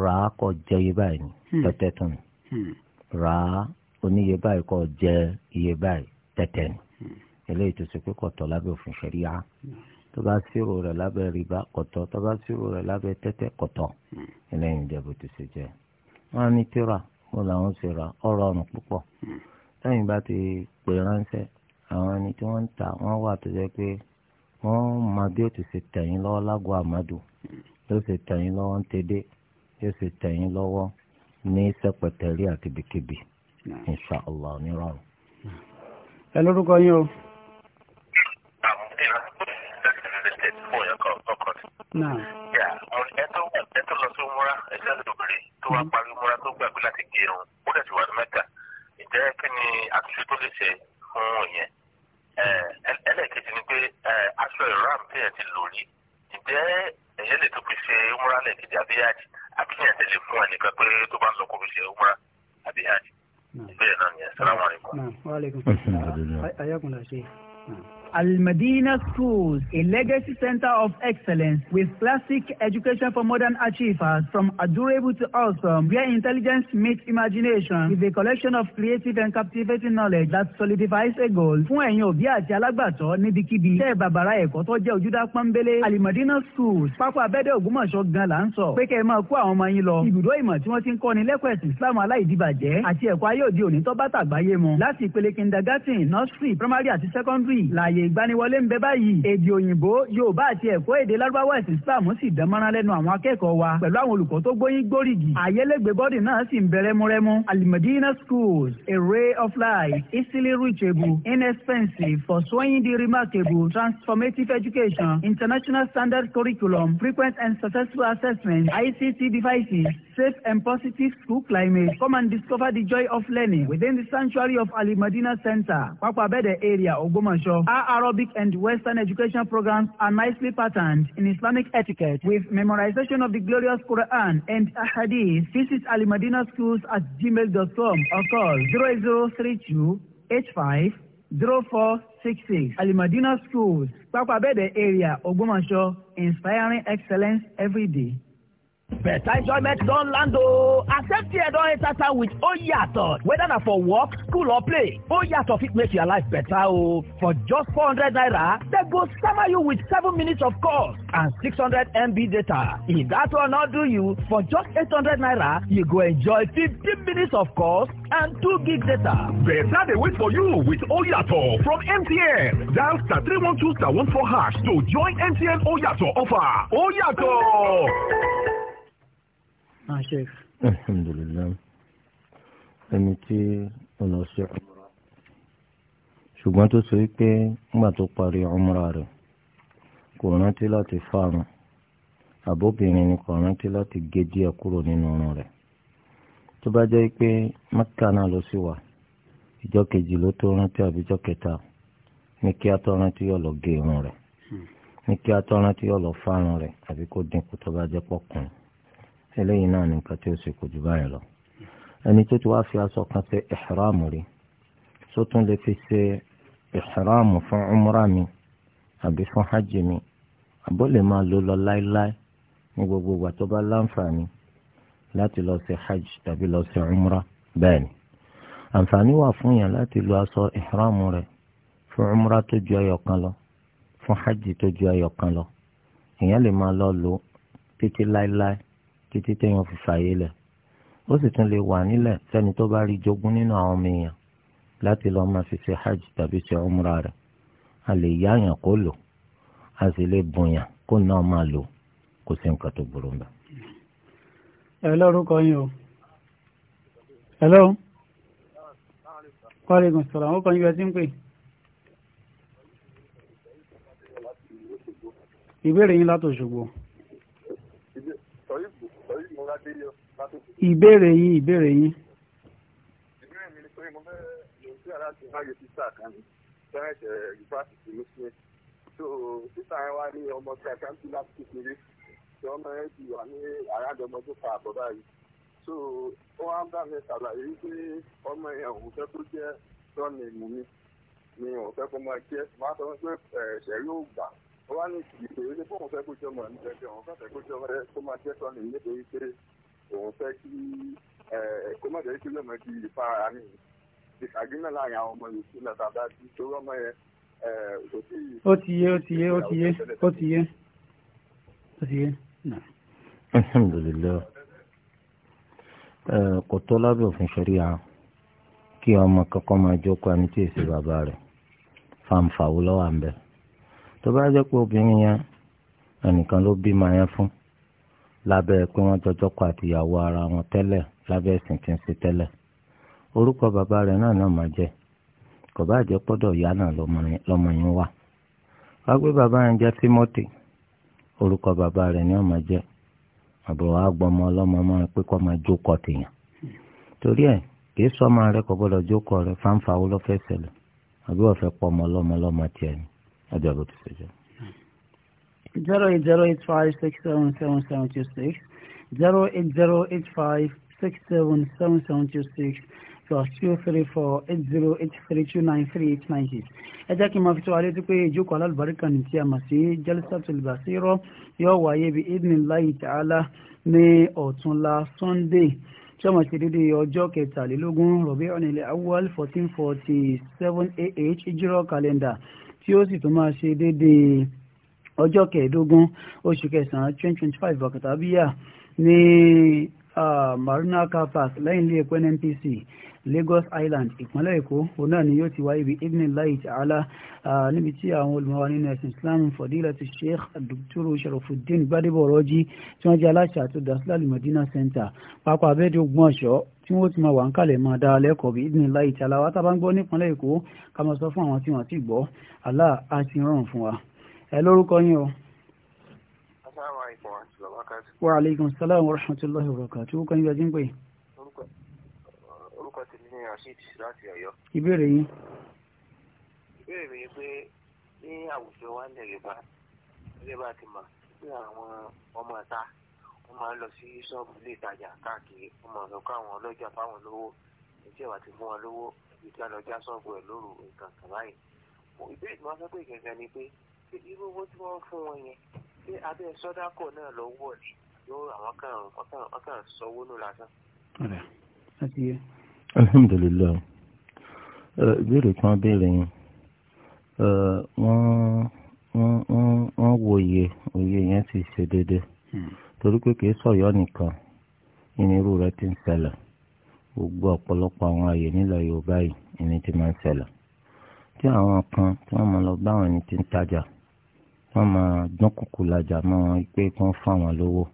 rà á kọ́ jẹ́ iye báyìí hmm. tẹ́tẹ́ tún ni hmm. rà á oníye báyìí kọ́ jẹ́ iye báyìí tẹ́tẹ́ ni hmm. eléyìí tó ṣe pé kò tọ́ lábẹ́ òfin ṣẹ̀ríà tó bá ṣírò rẹ̀ lábẹ́ rìbá kò tọ́ tó bá ṣírò rẹ̀ lábẹ́ tẹ́tẹ́ kò tọ́ eléyìí ń jẹ́ ṣe jẹ́ wọ́n á ní tíra mo làwọn ṣe ra ọ̀rọ̀ ọ̀rùn púpọ̀ lẹ́yìn bá ti pè ránṣẹ́ àwọn ẹni tí wọ́n ń tà wọ́n wà tó jẹ́ pé wọ́n máa bí ó ti ṣe tẹ̀yìn lọ́wọ́ lágọ̀ọ́ àmàdù yóò ṣe tẹ̀yìn lọ́wọ́ ń tẹ́dẹ́ yóò ṣe tẹ̀yìn lọ́wọ́ ní sẹ́pẹ̀tẹ̀rí àti bìkíbì insha allah onírọ̀rùn. ẹ lórúkọ yín o. ẹ tó lọ sí múra ẹ sáré obìnrin tó wá ẹlẹ́ẹ̀kejì ni pé aṣọ ìram téèyàn ti lò rí ǹjẹ́ èyí lè tó fi ṣe umra lẹ́ẹ̀kejì àbí hajj tẹ̀lé fún ẹnìkan pé tó bá ń lọ kó fi ṣe umra ìbéèrè náà Al Medina Schools, a legacy center of excellence with classic education for modern achievers from adorable to awesome, where intelligence meets imagination with a collection of creative and captivating knowledge that solidifies a goal. Fún ẹ̀yin òbí àti alágbàtọ́ níbikíbi, tẹ́ bàbàrà ẹ̀kọ́ tó jẹ́ ojúdá pọ́nbélé. Al Medina Schools, pápá abẹ́dẹ̀ Ògbómọ̀ṣọ́ gan la ń sọ. Pé kẹ́ ẹ máa kó àwọn ọmọ yín lọ. Ibùdó ìmọ̀ tí wọ́n ti ń kọ́ni lẹ́kọ̀ọ́ ẹ̀sìn Islam aláìdíbàjẹ́ àti ẹ̀kọ́ ayé òde nursery, primary àti secondary láàyè ààyè ìgbaniwọlé ń bẹ báyìí èdè òyìnbó yorùbá àti ẹ̀kọ́ èdè lárúbáwá ẹ̀sìn islam sì dánmọ́rán lẹ́nu àwọn akẹ́kọ̀ọ́ wa pẹ̀lú àwọn olùkọ́ tó gbóyìn gbórígì àyẹlẹ́gbẹ́ bọ́dì náà sì ń bẹ rẹ́múrẹ́mú alimadina schools a ray of light easily reachable inexpensive for showing the remarkable transformative education international standard curriculum frequent and successful assessment ICT devices safe and positive school climate come and discover the joy of learning within the sanctuary of alimadina center pápá bẹ́ẹ̀dẹ̀ area ògbómọ̀ṣọ́ Arabic and Western education programs are nicely patterned in Islamic etiquette with memorization of the glorious Quran and Ahadith. Visit Al Madina Schools at gmail.com or call 0032 85 0466. Madina Schools, Papa Bede area, Ogbomoso, inspiring excellence every day. Better enjoyment don land o. Accept here don't enter town with Oyato. Whether na for work, school or play, Oyato fit make your life better oh. For just 400 naira, they go summer you with 7 minutes of calls and 600 MB data. If that will not do you, for just 800 naira, you go enjoy 15 minutes of calls and 2 gig data. Better they wait for you with Oyato from MTN. Dial star 312 star 14 hash to join MTN Oyato offer. Oyato! náà ṣe. alhamdulilayi ẹni tí ó lọ sí umra ṣùgbọ́n tó sọ pé ńgbà tó parí umra rẹ̀ kò rántí láti fárun àbóbìnrin ni kò rántí láti gé díẹ̀ kúrò nínú ọrùn rẹ̀ tó bá jẹ́ pé mẹ́kà náà ló sì wà ìjọ́ kejì ló tó rántí àbíjọ́ kẹta ní kí á tó rántí yọ̀ lọ gé irun rẹ̀ ní kí á tó rántí yọ̀ lọ fárun àbí kó dínkù tó bá jẹ́ pọ̀kùnrin eléyìí náà nìkan tí ó sì kò jù báyìí lọ ẹni tó ti wá fi aṣọ kan ṣe ìhìrámù rí tó tún lè fi ṣe ìhìrámù fún umra mi àbí fún hajj mi àbó lè máa lò lọ láéláé ní gbogbo ìgbà tó bá láǹfààní láti lọ ṣe hajj tàbí lọ ṣe umra bẹ́ẹ̀ ni àǹfààní wà fún yàn láti lo aṣọ ìhìrámù rẹ̀ fún umra tó ju ẹyọ lọ fún hajj tó ju ẹyọ lọ èèyàn lè máa lọ lò títí láéláé títí téèyàn fi fàyè lẹ̀ ó sì tún lè wà nílẹ̀ sẹ́ni tó bá rí jogún nínú àwọn ọmọ èèyàn láti lọ́ọ́ máa fi ṣe hajj tàbí ṣe umra rẹ̀ a lè yáàyàn kó lò a sì lè bùnyàn kó náà máa lò kò sí nǹkan tó burú mbẹ. ẹ lórúkọ yín o hello kọ́lẹ́gùn sọ̀rọ̀ àwọn kan yóò ti ń pè. ìbéèrè yín látòṣogbo ìbéèrè yín ìbéèrè yín. ìbéèrè mi ni pé mo fẹ́ lòun sí aláàtì máyò títà kan ní fẹ́rẹ̀ẹ́sì eh, yunifásitì ló ṣe so títà yẹn wá ní ọmọ tí a kàn sí láti kékeré tí ọmọ yẹn ti wà ní àràádọ́mọ fa àbọ̀ báyìí so ó wá ń bá mi ṣàlàyé pé ọmọ yẹn òun fẹ́ tó jẹ́ lọ́nà ìmú mi ni òun fẹ́ kó máa jẹ́ máa sọ pé eh, ṣẹ̀rí ò gbà wọ́n ní ìpèsè ní fóun fẹ́ kó jọmọ ní jẹjẹ òun fẹ́ kó jọmọ rẹ kó máa jẹ́ sọ́ni nítorí pé òun fẹ́ kí kó má jẹ́ kí lọ́mọ di ìfara ní ìṣàgbéná láàrin àwọn ọmọ yòókù lọ́tà bá ti tó rọ́mọ yẹn ó ti yé ó ti yé ó ti yé ó ti yé ó ti yé. alhamdulilayi kò tó lábẹ́ òfin ṣẹ̀ríà kí ọmọ kankan máa jókòó ẹni tí èsì bàbá rẹ̀ fàǹfà wúlọ́wà ń bẹ̀rẹ̀. tó bá jẹ́ pé obìnrin yẹn ẹnìkan ló ma yẹn fún lábẹ́ pé wọn jọjọ́ kọ àtìyàwó ara wọn tẹ́lẹ̀ lábẹ́ ẹ̀sìn tí ń ṣe tẹ́lẹ̀ orúkọ bàbá rẹ náà náà máa jẹ́ kò bá jẹ́ pọ́dọ̀ ìyá náà lọmọ yẹn wà wá gbé bàbá yẹn jẹ́ Timothy orúkọ bàbá rẹ ni wọ́n máa jẹ́ àbúrò àgbọ̀mọ ọlọ́mọ máa pé kó máa jókòó tèèyàn torí ẹ kì í sọ́mọ rẹ̀ kò gbọ́dọ̀ jókòó rẹ̀ fáńfà wo ló fẹ́ ṣẹlẹ̀ àbí wọ́n fẹ́ pọ́ ọmọ ọlọ́mọ ọlọ́mọ tiẹ̀ ni ọjọ́ bó ti ṣe jẹ́. zero eight zero eight five six seven seven seven two six zero eight zero eight five six seven seven seven two six plus two three four eight zero eight three two nine three eight nine six. ẹ jẹ́ kí n máa fi tó wa létí pé ìjókòó alábàárìkà ní tí a mọ̀ sí Jalsatul Basira yóò wáyé bí idnillahi ta'ala ní ọ̀túnla Sunday tí wọ́n ti dídí ọjọ́ kẹtàlélógún Rabi'ul Awwal fourteen forty seven AH ìjírọ̀ kàlẹ́ndà tí ó sì tún máa ṣe déédéé ọjọ́ kẹẹ̀ẹ́dógún oṣù kẹsàn-án twenty twenty five bọ̀kàtàbíyà ní marina car park lẹ́yìn ilé ẹ̀kọ́ nnpc lagos island ìpínlẹ̀ èkó òun náà ni yóò ti wáyé bí ibn lai ta'ala níbi tí àwọn olùmọ̀wá nínú ẹ̀sìn islam fadilatu sheikh dr sharafuddin gbadebo ọ̀rọ̀jì tí wọ́n jẹ́ aláṣà àti olùdásílẹ̀ Medina center pápá abẹ́ẹ̀dẹ̀ ògbómọ̀ṣọ́ tí wọ́n ti máa wà ń kalẹ̀ máa dára lẹ́kọ̀ọ́ bí ìdílé láì tí aláwa tábà ń gbọ́ nípínlẹ̀ èkó ká máa sọ fún àwọn tí wọ́n ti gbọ́ àlá á ti fún wa. ẹ lórúkọ yín o. wa aleykum salaam wa rahmatulahi wa barakatuh orúkọ yín gbajúmọ̀ pé. orúkọ tèmi ni rasheed láti Ọ̀yọ́. ìbéèrè yín. ìbéèrè mi ni pé ní àwùjọ wa ń lẹ̀ lè bá lè bá ti mọ̀ sí àwọn ọmọ ta ó máa ń lọ sí ṣọ́ọ̀bù ilé ìtajà káàkiri ó máa lọ kó àwọn ọlọ́jà fáwọn lówó ìjẹ́ ìwà ti fún wọn lówó ibi tí wọ́n lọ já ṣọ́ọ̀bù ẹ̀ lóru nǹkan kan báyìí. ìbéèrè tí wọ́n sọ pé gẹ́gẹ́ ni pé ṣé irú owó tí wọ́n fún wọn yẹn ṣé abẹ́ sọ́dákọ̀ náà lọ wọ̀ ni yóò àwọn kan sọwó nù lásán. alhamdulilayi ìbéèrè kan béèrè yẹn wọ́n wọ́n wọ́n wòye òye yẹn ti ṣe déédéé. Hmm torí pé kìí sọ̀yọ́ nìkan ìnirú rẹ ti ń ṣẹlẹ̀ gbogbo ọ̀pọ̀lọpọ̀ àwọn ààyè nílẹ̀ Yorùbá yìí ìní ti máa ń ṣẹlẹ̀ tí àwọn kan tí wọ́n máa lọ bá àwọn ẹni tí ń tajà wọ́n máa dúnkùkù lajà mọ́ wọn pé kí wọ́n fún àwọn lówó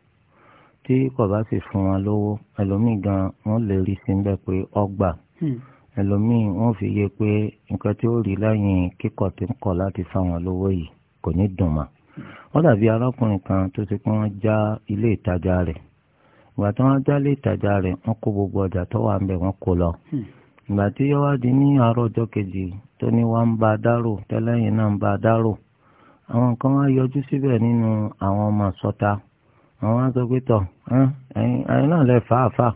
tí kò bá sì fún wọn lówó ẹlòmíì gan wọ́n lè rí sí ń bẹ́ pé ọgbà hmm. ẹlòmíì wọ́n fi yé pé nǹkan tí ó rí lẹ́yìn kíkọ̀ tí ń kọ̀ láti fáwọn lówó yìí kò ní dùn mọ́ wọ́n dàbí arákùnrin kan tó ti já ilé ìtajà rẹ̀ ìgbà tí wọ́n já ilé ìtajà rẹ̀ wọ́n kó gbogbo ọjà tó wà bẹ̀ wọ́n kó lọ hmm. ìgbà tí yọ́wá di ní àárọ̀ ọjọ́ kejì tó ní wá ń ba dárò tẹ́lẹ́yìn náà ń a dárò àwọn kan wá yọjú síbẹ̀ nínú àwọn ọmọ sọta àwọn ẹ̀yin náà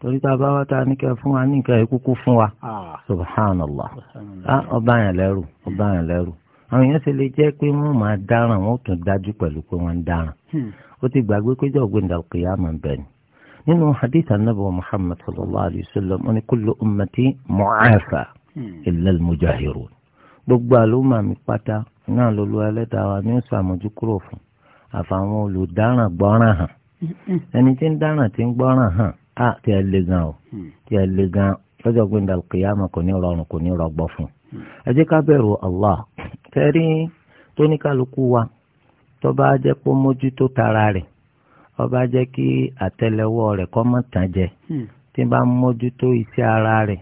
torí tá a bá a fún wa àwọn èèyàn ṣe lè jẹ́ pé wọ́n máa dáràn wọ́n tún dájú pẹ̀lú pé wọ́n ń dáràn hmm. ó ti gbàgbé pé jọ̀gbìn dàkú yá máa bẹ̀ ni. nínú hadith anabi muhammad sallallahu alayhi wa sallam ó ní kullu ummati mu'afa hmm. illa al-mujahirun gbogbo àlùmọ̀ mi pátá náà ló lu ẹlẹ́dàá wa ní ìsàmójú kúrò fún àfàwọn olùdáràn gbọ́ràn hàn hmm. ẹni tí ń dáràn tí ń gbọ́ràn hàn á tí ẹ le gan o tí ẹ le gan lọ́jọ́ gbẹ̀ndà kò ní rọrùn kò ní rọgbọ fún ẹ jẹ́ ká bẹ̀rù allah tẹ́rí tóníkàlùkù wa tó bá jẹ́ kó mójútó tara rẹ̀ ó bá jẹ́ kí àtẹ́lẹwọ́ rẹ̀ kó má tàn jẹ hmm. tí bá mójútó iṣẹ́ ara rẹ̀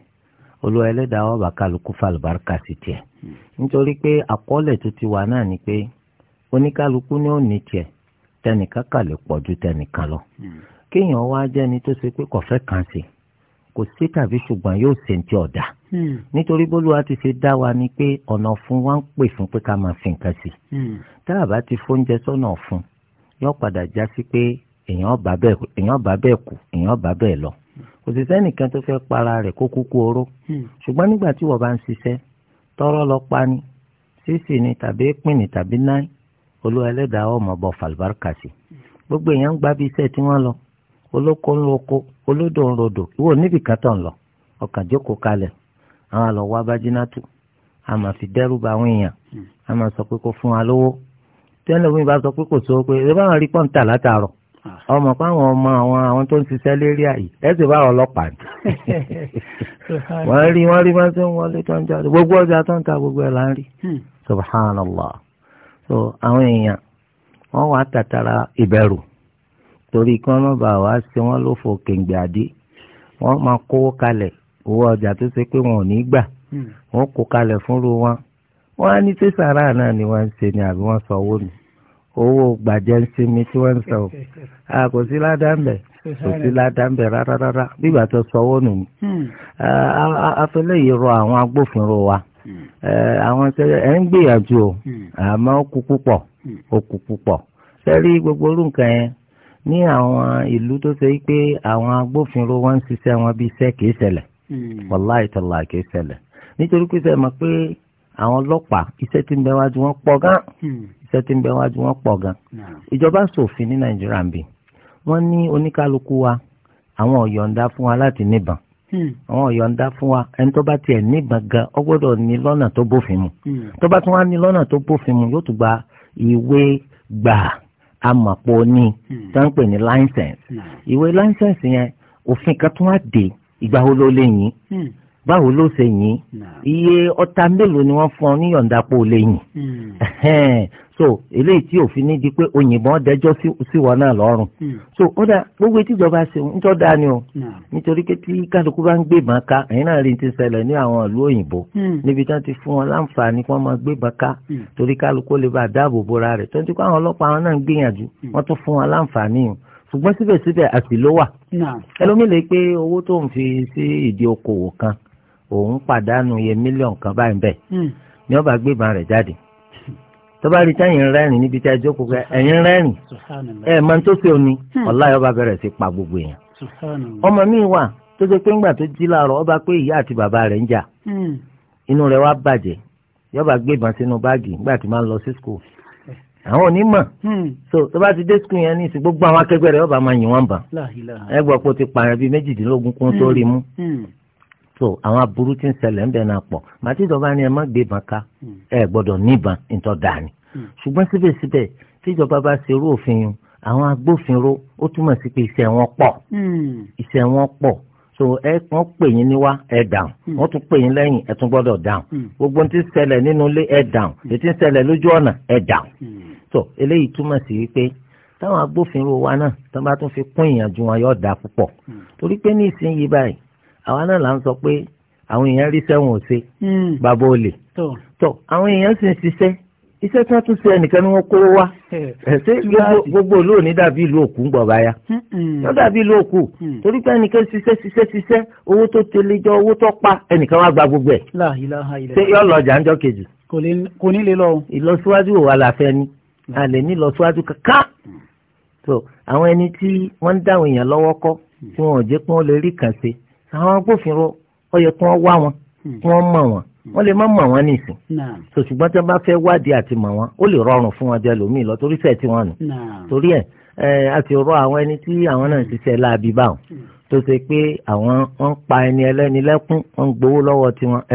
olú ẹlẹ́dàá ọba kálukú falùbáríkà sí tiẹ̀ hmm. nítorí pé àkọọ́lẹ̀ tó ti wà náà lọ hmm. kéèyàn wá jẹ́ni tó ṣe pé kò sí tàbí ṣùgbọ́n yóò ṣe ti ọ̀dà hmm. nítorí bólúwa ti ṣe dá wa ni pé ọ̀nà fún wa ń pè fún pé ká máa fi nǹkan sí hmm. tá a bá ti fóúnjẹ sọ́nà fún yóò padà já sí pé èèyàn bá bẹ́ẹ̀ kú èèyàn bá bẹ́ẹ̀ lọ kò sì sẹ́nìkan tó fẹ́ para rẹ̀ kó kúkú oró hmm. ṣùgbọ́n nígbà tí wọ́n bá ń ṣiṣẹ́ tọ́rọ́ lọ pa ni sísì ni tàbí pín ni tàbí náì olúwa ẹlẹ́dàá ọmọ bọ̀ fàlùbáríkà sí gbogbo èèyàn ń gbábi iṣẹ́ tí wọ́n lọ olóko ń lóko olódò ń rodò ìwọ níbi kátà ń lọ ọkàn jókòó kalẹ̀ àwọn àlọ́ wa bájínátù a máa fi dẹ́rù ba àwọn èèyàn a máa sọ pé kó fún wa lówó tẹ́lẹ̀ wọ́n bá sọ pé kò sówó pé ẹ bá wọn rí pọ́ǹtà látàárọ̀ ah. ọmọ fáwọn ọmọ àwọn àwọn tó ń ṣiṣẹ́ lérí àyè ẹ̀sì bá ọlọ́pàá ni. wọ́n rí wọ́n rí wọ́n tó ń wọlé tó ń jáde gbogbo ọjà tó ń ta gbogbo ẹ̀ là hmm. subhanallah so àwọn èèyàn wọ́n wà tàtàrà ìbẹ̀rù torí kí wọ́n má bàa wá ṣe wọ́n lófo kèǹgbè àdé wọ́n máa kówó kalẹ̀ owó ọjà tó ṣe pé wọn ò ní gbà hmm. wọ́n kó kalẹ̀ fúnru wọn wọ́n á ní pé náà ni wọ́n ń ṣe ni àbí wọ́n sọ owó mi owó gbàjẹ́ ń sinmi tí wọ́n ń sọ kò sí ládàmbẹ̀ kò sí ládàmbẹ̀ rárá rárá bígbà tó sọ owó nù ní. Hmm. afẹ́lẹ́ rọ àwọn agbófinró wa hmm. àwọn sẹ́yìn ń gbìyànjú o àmọ́ ó púpọ̀ ó púpọ̀ sẹ́rí gbogbo orú nǹkan yẹn ní àwọn ìlú tó ṣe pé àwọn agbófinró wọn ń ṣiṣẹ́ wọn bíi iṣẹ́ kìí ṣẹlẹ̀ hmm. kìí ṣẹlẹ̀ nítorí pé sẹ́ẹ̀ mọ̀ pé àwọn ọlọ́pàá iṣẹ́ tí ń bẹ wájú wọn pọ̀ gan hmm. iṣẹ́ tí ń bẹ wájú wọn pọ̀ gan ìjọba ní nàìjíríà ń bì wọ́n ní oníkálukú wa àwọn ọ̀yọ̀ǹda fún wa láti níbọn hmm. àwọn ọ̀yọ̀ǹda fún wa ẹni tó bá tiẹ̀ níbọn gan gbọ́dọ̀ ní lọ́nà tó bófin mu tó bá tún wá amọ̀pọ̀ ní hmm. tó ń ní license hmm. ìwé license yẹn òfin kan tó wá dé ìgbà wo ló lè báwo ló ṣe yìn iye ọta mélòó ni wọ́n fún ọ ní yọ̀ǹda pò lè yìn hmm. so eléyìí tí òfin ní di pé òyìnbọn dẹjọ́ sí wọn náà lọ́rùn hmm. so ó dà gbogbo ìtìjọba ṣe ń tọ́ da ni o nítorí pé tí kálukú bá ń gbé ìbọn ká ẹ̀yin náà rí ti ṣẹlẹ̀ ní àwọn ìlú òyìnbó hmm. níbi tí wọ́n ti fún wọn láǹfààní kí wọ́n máa gbé ìbọn ká torí kálukú lè bá dáàbò bora rẹ̀ tó ń ti kó àwọn ọlọ́pàá wọn náà ń gbìyànjú wọ́n tún fún wọn láǹfààní yìí ṣùgbọ́n síbẹ̀síbẹ̀ àṣì wà ẹlòmíì lè pé owó tó ń fi sí ìdí okòwò kan òun pàdánù iye mílíọ̀n kan báyìí bẹ́ẹ̀ hmm. ni wọ́n bá rẹ̀ jáde hmm. tó bá rí tẹ́yìn rẹ́rìn níbi tí a jókòó kẹ́ ẹ̀yìn rẹ́rìn tó òní hmm. ọ̀la pa gbogbo èèyàn ọmọ mi wà tó ṣe pé ńgbà tó jí láàárọ̀ ọba pé ìyá àti bàbá rẹ̀ ń jà inú rẹ̀ wá bàjẹ́ yọba gbé sínú báàgì ńgbà tí máa ń sí àwọn so tó bá ti dé skul ní ìsìn gbogbo àwọn so àwọn aburú tí ń ṣẹlẹ̀ ń bẹ̀ náà pọ̀ màtí ìjọba ni ẹ má gbé ìbọn ká hmm. ẹ gbọ́dọ̀ níbọn ìtọ́ dání hmm. ṣùgbọ́n síbẹ̀síbẹ̀ tíjọba bá ṣe irú òfin yun àwọn agbófinró ó túmọ̀ sí pé iṣẹ́ wọn pọ̀ hmm. iṣẹ́ wọn pọ̀ so ẹ wọ́n pè yín níwá ẹ dáhùn wọ́n tún pè yín lẹ́yìn ẹ tún gbọ́dọ̀ dáhùn gbogbo tí ń ṣẹlẹ̀ nínú ilé ẹ dáhùn ètí ń ṣẹlẹ̀ lójú ọ̀nà ẹ dáhùn so eléyìí túmọ̀ sí wípé táwọn agbófinró wa náà tó bá tún fi kún ìyànjú wọn yóò dáa púpọ̀ torí pé ní ìsinyìí báyìí àwa náà là ń sọ pé àwọn èèyàn rí sẹ́wọ̀n ò ṣe hmm. bàbá olè tó àwọn èèyàn sì ń ṣiṣẹ́ iṣẹ́ tí wọ́n tún ṣe ẹnìkan ni wọ́n kó wá ṣé gbogbo ìlú òní dàbí ìlú òkú ń gbọ̀ba ya wọ́n dàbí ìlú òkú hmm. torí pé ẹnìkan ṣiṣẹ́ ṣiṣẹ́ ṣiṣẹ́ owó tó tẹ̀lé jọ owó tó pa ẹnìkan wá gba gbogbo ẹ̀ ṣé yọ lọ jà ń jọ kejì. kò ní lè lọ. ìlọsíwájú òwa la ni a lè ní ìlọsíwájú kankan hmm. so àwọn ẹni tí wọ́n ń dáwọn èèyàn lọ́wọ́ kọ́ tí wọn ò jẹ́ pé wọ́n lè rí kàn ṣe àwọn agbófinró ọyọ kí wọn wá wọn hmm. kí wọ́n mọ̀ wọn wọ́n lè má mọ̀ wọn nìsín so ṣùgbọ́n tí wọ́n bá fẹ́ wádìí àti mọ̀ wọ́n lè rọrùn fún wọn jẹ lómi lọ torí tí wọn nù torí ẹ a ti rọ àwọn ẹni tí àwọn náà ti hmm. ṣe láabi pa ẹni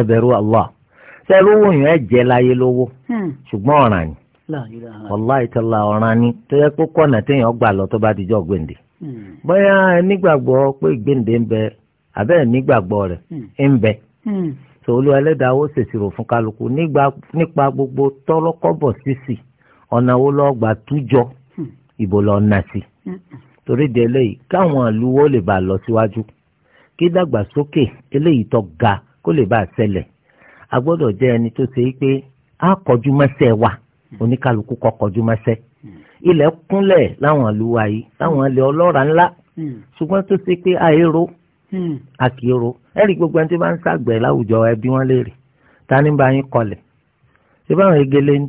tiwọn Allah wòyàn láyé lówó hmm. ni ni tó yẹ kó kọ́nà lọ tó bá dijọ́ bóyá nígbàgbọ́ pé ń bẹ abẹ́ẹ̀ nígbàgbọ́ rẹ̀ hmm. ń bẹ hmm. so olú ẹlẹ́dàá ó ṣèṣirò fún kálukú nípa gbogbo tọ́lọ́kọ́bọ̀ sísì ọ̀nà wo lọ́ọ́ gbà tújọ ìbò hmm. lọ́ọ́ nà sí torí di eléyìí káwọn àlùwọ́ lè bá lọ síwájú kí dàgbàsókè eléyìí tó ga kó lè bá ṣẹlẹ̀ a gbọ́dọ̀ jẹ́ ẹni tó ṣe é pé a kọjú mọ́sẹ̀ wa oníkálukú kọ́ kọjú mọ́sẹ̀ ilẹ̀ kúnlẹ̀ láwọn àlùwà yìí láwọn ilẹ̀ ọlọ́ràá ńlá ṣùgbọ́n tó ṣe pé àìró Hmm. akérò ẹ̀rí gbogbo ẹni tí wọ́n bá ń ṣàgbẹ̀ láwùjọ ẹbí wọn léèrè ta ni bá yín kọlẹ̀ ṣé báwọn egele ni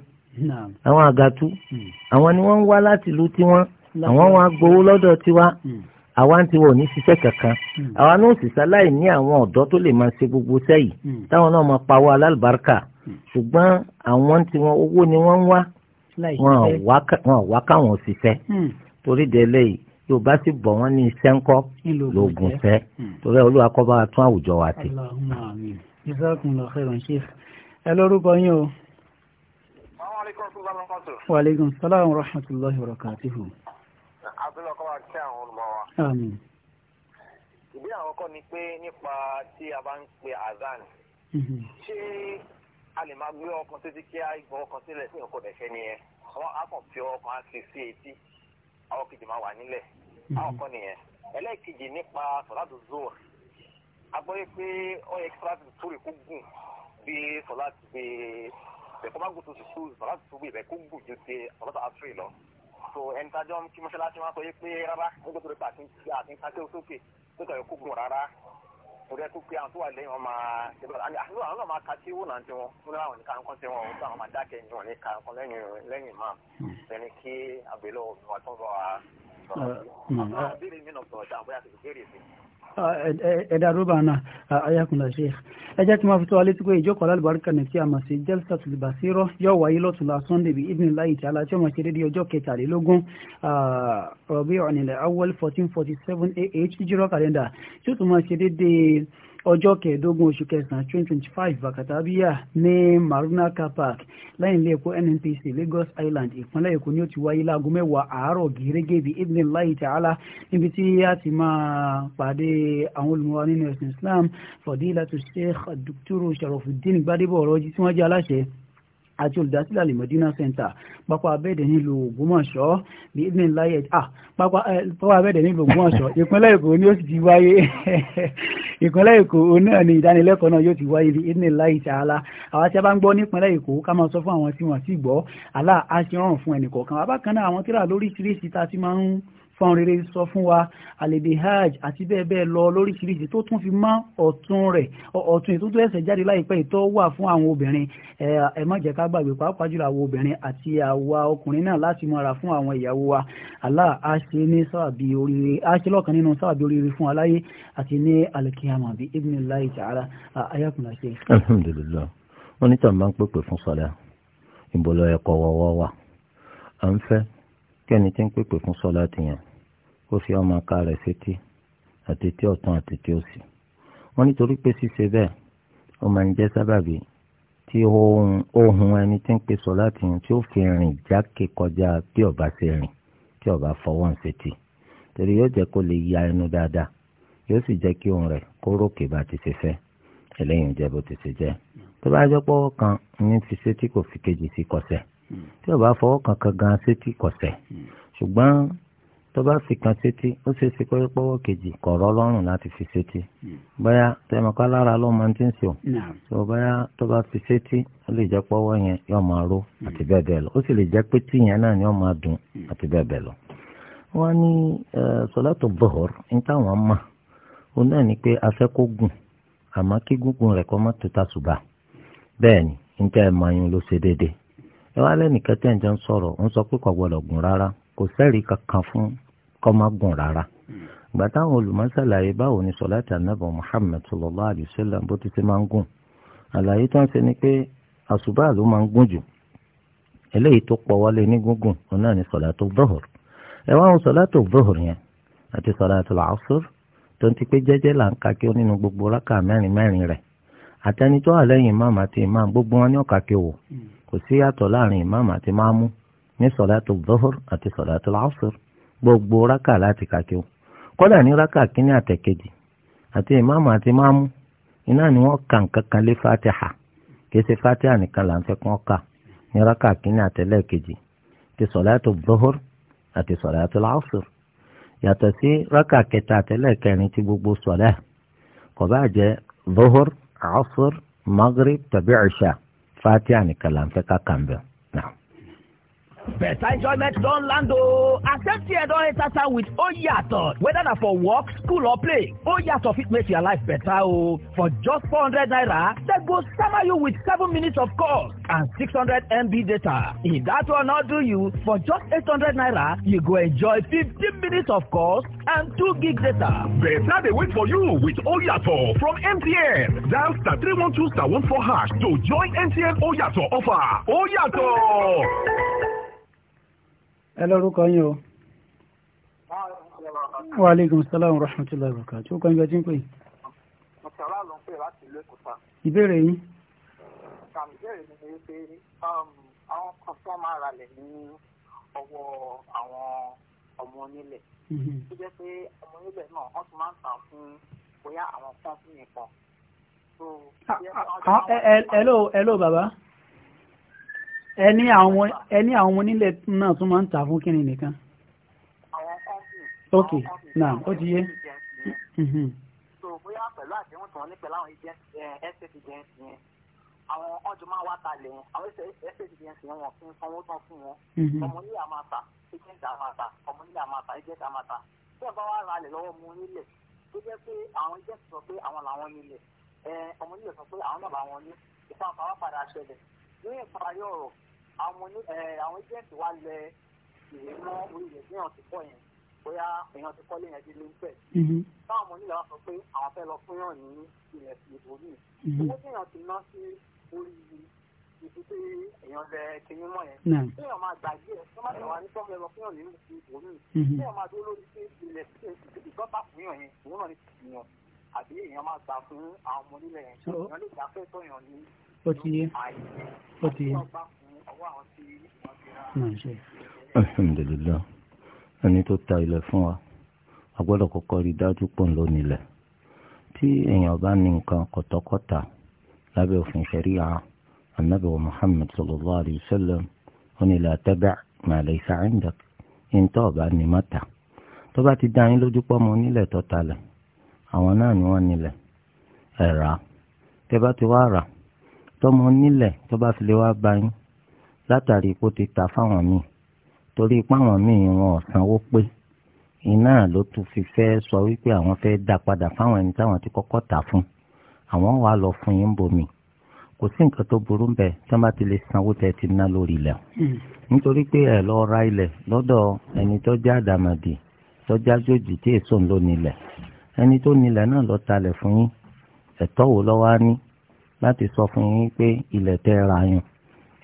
àwọn àgàtú hmm. àwọn ni wọ́n ń wá láti ìlú tiwọn àwọn wọn gbowó lọ́dọ̀ tiwa hmm. àwa ń tiwọ̀ ní ṣiṣẹ́ kankan àwa náà sì ṣaláì ní àwọn ọ̀dọ́ tó lè máa ṣe gbogbo sẹ́yìn táwọn náà máa pawọ́ alálùbáríkà ṣùgbọ́n àwọn ń tiwọn owó ni wọ́n ń wá wọn ò wá káwọn òṣìṣẹ́ torí délé yìí tó bá sì bọ̀ wọ́n ní iṣẹ́ ńkọ́ lóògùn fẹ́ hmm. torí olúwa kó bá tún àwùjọ wa tì. ẹ lórúkọ yín o. wa aleykum rahmatulahi wa barakatuhu. abdullah wa kí àwọn olùmọ̀ wa. àkọ́kọ́ ni pé nípa tí a bá ń pe azan mm-hmm. ṣé a lè máa gbé ọkàn títí kí a gbọ́ ọkàn sílẹ̀ sí ọkọ̀ dẹ̀ṣẹ́ nìyẹn àwọn akọ̀ fi ọkàn á fi sí etí àwọn kejì máa wà nílẹ̀ Mm-hmm. àwọn kan nìyẹn ẹlẹ́ẹ̀kejì nípa sọ̀látù zohr agbọ́yé pé ó yẹ kí sọ̀látù tóri kó gùn bí sọ̀látù bí bẹ̀kọ́ bá gùn tó sùkú sọ̀látù tó bí bẹ̀ kó gùn ju ti sọ̀látù àtúrì lọ so ẹni tájọ́ kí mọ́ṣáláṣí wọn sọ yé pé rárá nígbà tó lè pa àti àti sókè tó kọ̀ yẹ kó gùn rárá torí ẹ tó pé àwọn tó wà lẹ́yìn wọn máa ṣe bọ́lá àti àwọn àwọn náà máa ka tí wò náà ti wọn fún àwọn nìkan kan ti wọn fún máa dákẹ́ ní wọn ní kan kan lẹ́yìn lẹ́yìn máa mm. ẹni kí àbẹ̀lẹ̀ ọ̀gbìn tó ń bọ̀ wá ẹ̀dà rọ́bà náà ayákùnlá ṣe ẹ jẹ́ kí máa fi tó alé tí pé ìjókòó alábàárìkà ní tí a mọ̀ sí jelsa tùlùbà sí rọ́ yóò wáyé lọ́tùlá sunday bíi ibn láyé tí aláṣẹ ọmọ ṣe dédé ọjọ́ kẹtàlélógún uh, rọ̀bí ọ̀nìlẹ̀ awọ́l fourteen forty seven ah ìjírọ̀ kàlẹ́ndà tí ó tún máa ṣe ọjọ́ kẹẹ̀ẹ́dógún oṣù kẹsàn-án twenty twenty five maruna ní marunaka park lẹ́yìn ilé ẹ̀kọ́ nnpc lagos island ìpínlẹ̀ èkó ni ó ti wáyé láago mẹ́wàá àárọ̀ gẹ́gẹ́ bí ibn lahi ta'ala níbi tí a ti máa pàdé àwọn olùmọ̀wá nínú ẹ̀sìn islam fadilatu sheikh dr sharafuddin gbadebo ọ̀rọ̀ ọjí tí wọ́n jẹ́ aláṣẹ àti olùdásílẹ̀ alimọ̀dínà center pápá abẹ́ẹ̀dẹ̀ nílùú ògbómọ̀ṣọ́ bí ní láyé ah pápá eh, abẹ́ẹ̀dẹ̀ nílùú ògbómọ̀ṣọ́ ìpínlẹ̀ èkó ni ó ti wáyé ìpínlẹ̀ èkó náà ni ìdánilẹ́kọ̀ọ́ náà yóò ti wáyé bí ní láyé sàálà àwa tí a bá ń gbọ́ nípínlẹ̀ èkó ká máa sọ fún àwọn tí wọ́n sì gbọ́ àlá àṣírọ̀rùn fún ẹnì kọ̀ọ̀kan àbákan náà àwọn tíra lóríṣiríṣi tá ti máa ń fọ́n rere sọ fún wa àlèdè hajj àti bẹ́ẹ̀ bẹ́ẹ̀ lọ lóríṣiríṣi tó tún fi mọ́ ọ̀tún rẹ̀ ọ̀tún ètò tó ẹ̀sẹ̀ jáde láìpẹ́ ìtọ́ wà fún àwọn obìnrin ẹ má jẹ́ ká gbàgbé pàápàá jùlọ àwọn obìnrin àti àwa ọkùnrin náà láti mọ́ra fún àwọn ìyàwó wa Allah á ṣe ní sábàbí oríire á ṣe lọ́kàn nínú sábàbí oríire fún aláyé àti ní alìkíyàmà bí ibn ilayi ta'ala ayakunla ṣe. alhamdulilayi wọn ní tàbí máa ń pèpè fún sọlá ìbọlọ ẹkọ wọwọ wa à ń fẹ́ kí ẹni tí ń pèpè fún sọlá ti yàn kó fi ọmọ aka rẹ̀ sétí àti tí ọ̀tún àti tí òsì wọ́n nítorí pé ṣíṣe bẹ́ẹ̀ ó máa ń jẹ́ sábàbí tí ohun ẹni tí ń pè sọlá ti yàn tí ó fi rìn jákè kọjá bí ọba ṣe rìn tí ọba fọwọ́ ń sétí torí yóò jẹ́ kó lè ya ẹnu dáadáa yóò sì jẹ́ kí ohun rẹ̀ kó rókè bá ti ṣe fẹ́ eléyìí jẹ́ bó ti ṣe jẹ́ tó bá kan ní fi sétí kò fi kejì sí kose tí ò bá fọwọ́ kankan gan seti kose ṣùgbọ́n tó bá kan seti ó ṣe ṣe pé pọ́wọ́ kejì kọ̀rọ̀ láti fi sétí bóyá tẹmọkọ lára ló máa ń tí ń tó tó bá fi sétí ó lè jẹ́ pọ́wọ́ yẹn yóò máa ró àti bẹ́ẹ̀ bẹ́ẹ̀ lọ ó sì lè jẹ́ pé tí yẹn náà yóò máa dùn àti bẹ́ẹ̀ bẹ́ẹ̀ lọ. wọ́n ní àmọ́ kí gúngun rẹ̀ kọ́ má tó tàṣùbà bẹ́ẹ̀ ni níta ẹ̀ mọ ayún ló ṣe déédé ẹ wá lẹ́nìkan tẹ̀ ń jọ ń sọ̀rọ̀ ń sọ pé kò gbọ́dọ̀ gùn rárá kò sẹ́rìí kankan fún kọ́ má gùn rárá ìgbà táwọn olùmọ̀sálàyé báwo ni sọ̀láàtì ànábọ̀ Muhammad sallallahu alaihi wasallam bó ti ti máa ń gùn àlàyé tó ń ṣe ni pé àṣùbà ló máa ń gùn jù eléyìí tó pọ̀ wọlé ní gúngùn òun náà ni sọ̀láàtì dhuhr ẹ wá wọn sọ̀láàtì dhuhr yẹn àti sọ̀láàtì al-asr tó ń ti pé jẹ́jẹ́ là ń ka kí ó nínú gbogbo rákà mẹ́rin mẹ́rin rẹ̀ àtẹni tó wà lẹ́yìn imam àti imam gbogbo wọn ní ọ̀ka wò kò sí yàtọ̀ láàrin imam àti mamu ní sọ̀dátù dhuhr gbogbo rákà láti ka wò kódà ní rákà kíní àtẹ̀kejì àti imam àti mamu iná ni wọ́n kà nǹkan lé fatiha kì fatiha nìkan là ń kà ní kíní àtẹ̀lẹ́kejì ti àti yàtọ̀ sí rákà kẹta àtẹlẹ́ kẹrin tí gbogbo sọ̀lẹ́ kò bá jẹ́ zuhur asr maghrib tàbí isha fatiha nìkan là ń fẹ́ ká kàn bẹ́ẹ̀. Better enjoyment don't land oh. Accept here don't enter town with Oyato. Whether that for work, school or play, Oyato fit make your life better oh. For just 400 naira, that go summer you with 7 minutes of calls and 600 MB data. If that will not do you, for just 800 naira, you go enjoy 15 minutes of calls and 2 gig data. Better they wait for you with Oyato from MTN. Dial star 312 star 14 hash to join MTN Oyato offer. Oyato! ẹ lórúkọ yín o. wa aleykum salaam wa rahmatullahi wa barakatuh. ó kọ́ ibi ọtí ń pè. mùsàlá ló ń pè láti ìlú èkó sá. ìbéèrè yín. àmì ìbéèrè mi ni pé um, àwọn kan tó máa ra lẹ̀ ní ọwọ́ àwọn ọmọ onílẹ̀. tó jẹ́ pé ọmọ um, onílẹ̀ náà wọ́n ti máa ń tà fún bóyá àwọn kan fún nìkan. hello hello bàbá ẹni àwọn ẹni àwọn onílẹ̀ náà tún máa ń tà fún kíni nìkan. ok now ó ti yé. Mm-hmm. àwọn estate máa wá talẹ̀ yẹn àwọn estate agents yẹn wọ́n fi ń sanwó tán fún wọn. Mm-hmm. ọmọ nílé àmà ta agent ọmọ nílé àmà ta agent tí ẹ bá wà ra lẹ̀ lọ́wọ́ mu nílẹ̀ tó jẹ́ pé àwọn agent sọ pé àwọn làwọn nílẹ̀ ọmọ nílẹ̀ sọ pé àwọn náà bá wọn ní ìfọwọ́pamọ́ padà ṣẹlẹ̀ ní ìparí ọ̀rọ̀ àwọn agent wa lẹ ìwé mọ́ orí rẹ̀ bí yẹn bóyá èèyàn ti kọ́lé yẹn di lóńpẹ̀. Mm-hmm. táwọn ọmọ onílẹ̀ wa sọ pé àwọn fẹ́ lọ fún yàn ní ilẹ̀ ìbòmí. Mm-hmm. owó tí èèyàn ti ná sí orí ibi tí èèyàn lẹ kinní mọ́ yẹn. tí èèyàn máa gbàgbé ẹ̀ tó má tẹ̀wá ní sọ́kẹ́ lọ fún yàn ní ilẹ̀ ìbòmí. Mm-hmm. tí èèyàn máa dúró lórí pé ilẹ̀ ìgbọ́ta fún yàn yẹn òun náà ní tìyàn àbí èèyàn máa gbà fún àwọn ọmọ onílẹ̀ yẹn èèyàn lè gbà fẹ́ ó ti yé ó ti yé. alhamdulillah ẹni tó ta ilẹ̀ fún wa a gbọ́dọ̀ kọ́kọ́ rí dájú pọ̀ ń lò nílẹ̀ tí èèyàn bá ní nǹkan kọ̀tọ̀kọ̀tà lábẹ́ òfin ṣẹ̀ríà anabi wa muhammad sallallahu alayhi wa sallam ó ní la tabi' ma laysa 'indak ìntọ́ ọ̀bá ni má ta tó ti dá yín lójú pọ́ mọ́ nílẹ̀ tó talẹ̀ àwọn náà ni wọ́n nílẹ̀ ẹ̀rá tẹ́ bá ti wá rà tọmọ nílẹ̀ tó bá fi lè wá bá yín látàrí ipò ti ta fáwọn míì torí páwọn míì wọn ò sanwó pé iná ló tún fi fẹ́ sọ wípé àwọn fẹ́ dá padà fáwọn ẹni táwọn ti kọ́kọ́ tà fún àwọn wàá lọ fún yín bomi kò sí nǹkan tó burú ń bẹ tí wọn bá ti lè sanwó tẹ ti ná lórí ilẹ̀ hmm. nítorí pé ẹ lọ ra ilẹ̀ lọ́dọ̀ ẹni tó jẹ́ àdàmàdì tó jẹ́ àjòjì tí èso ń lò nílẹ̀ ẹni tó nílẹ̀ náà lọ talẹ̀ fún yín ẹ̀tọ́ wo lọ wá ní láti sọ fún yín pé ilẹ̀ tẹ́ ra yàn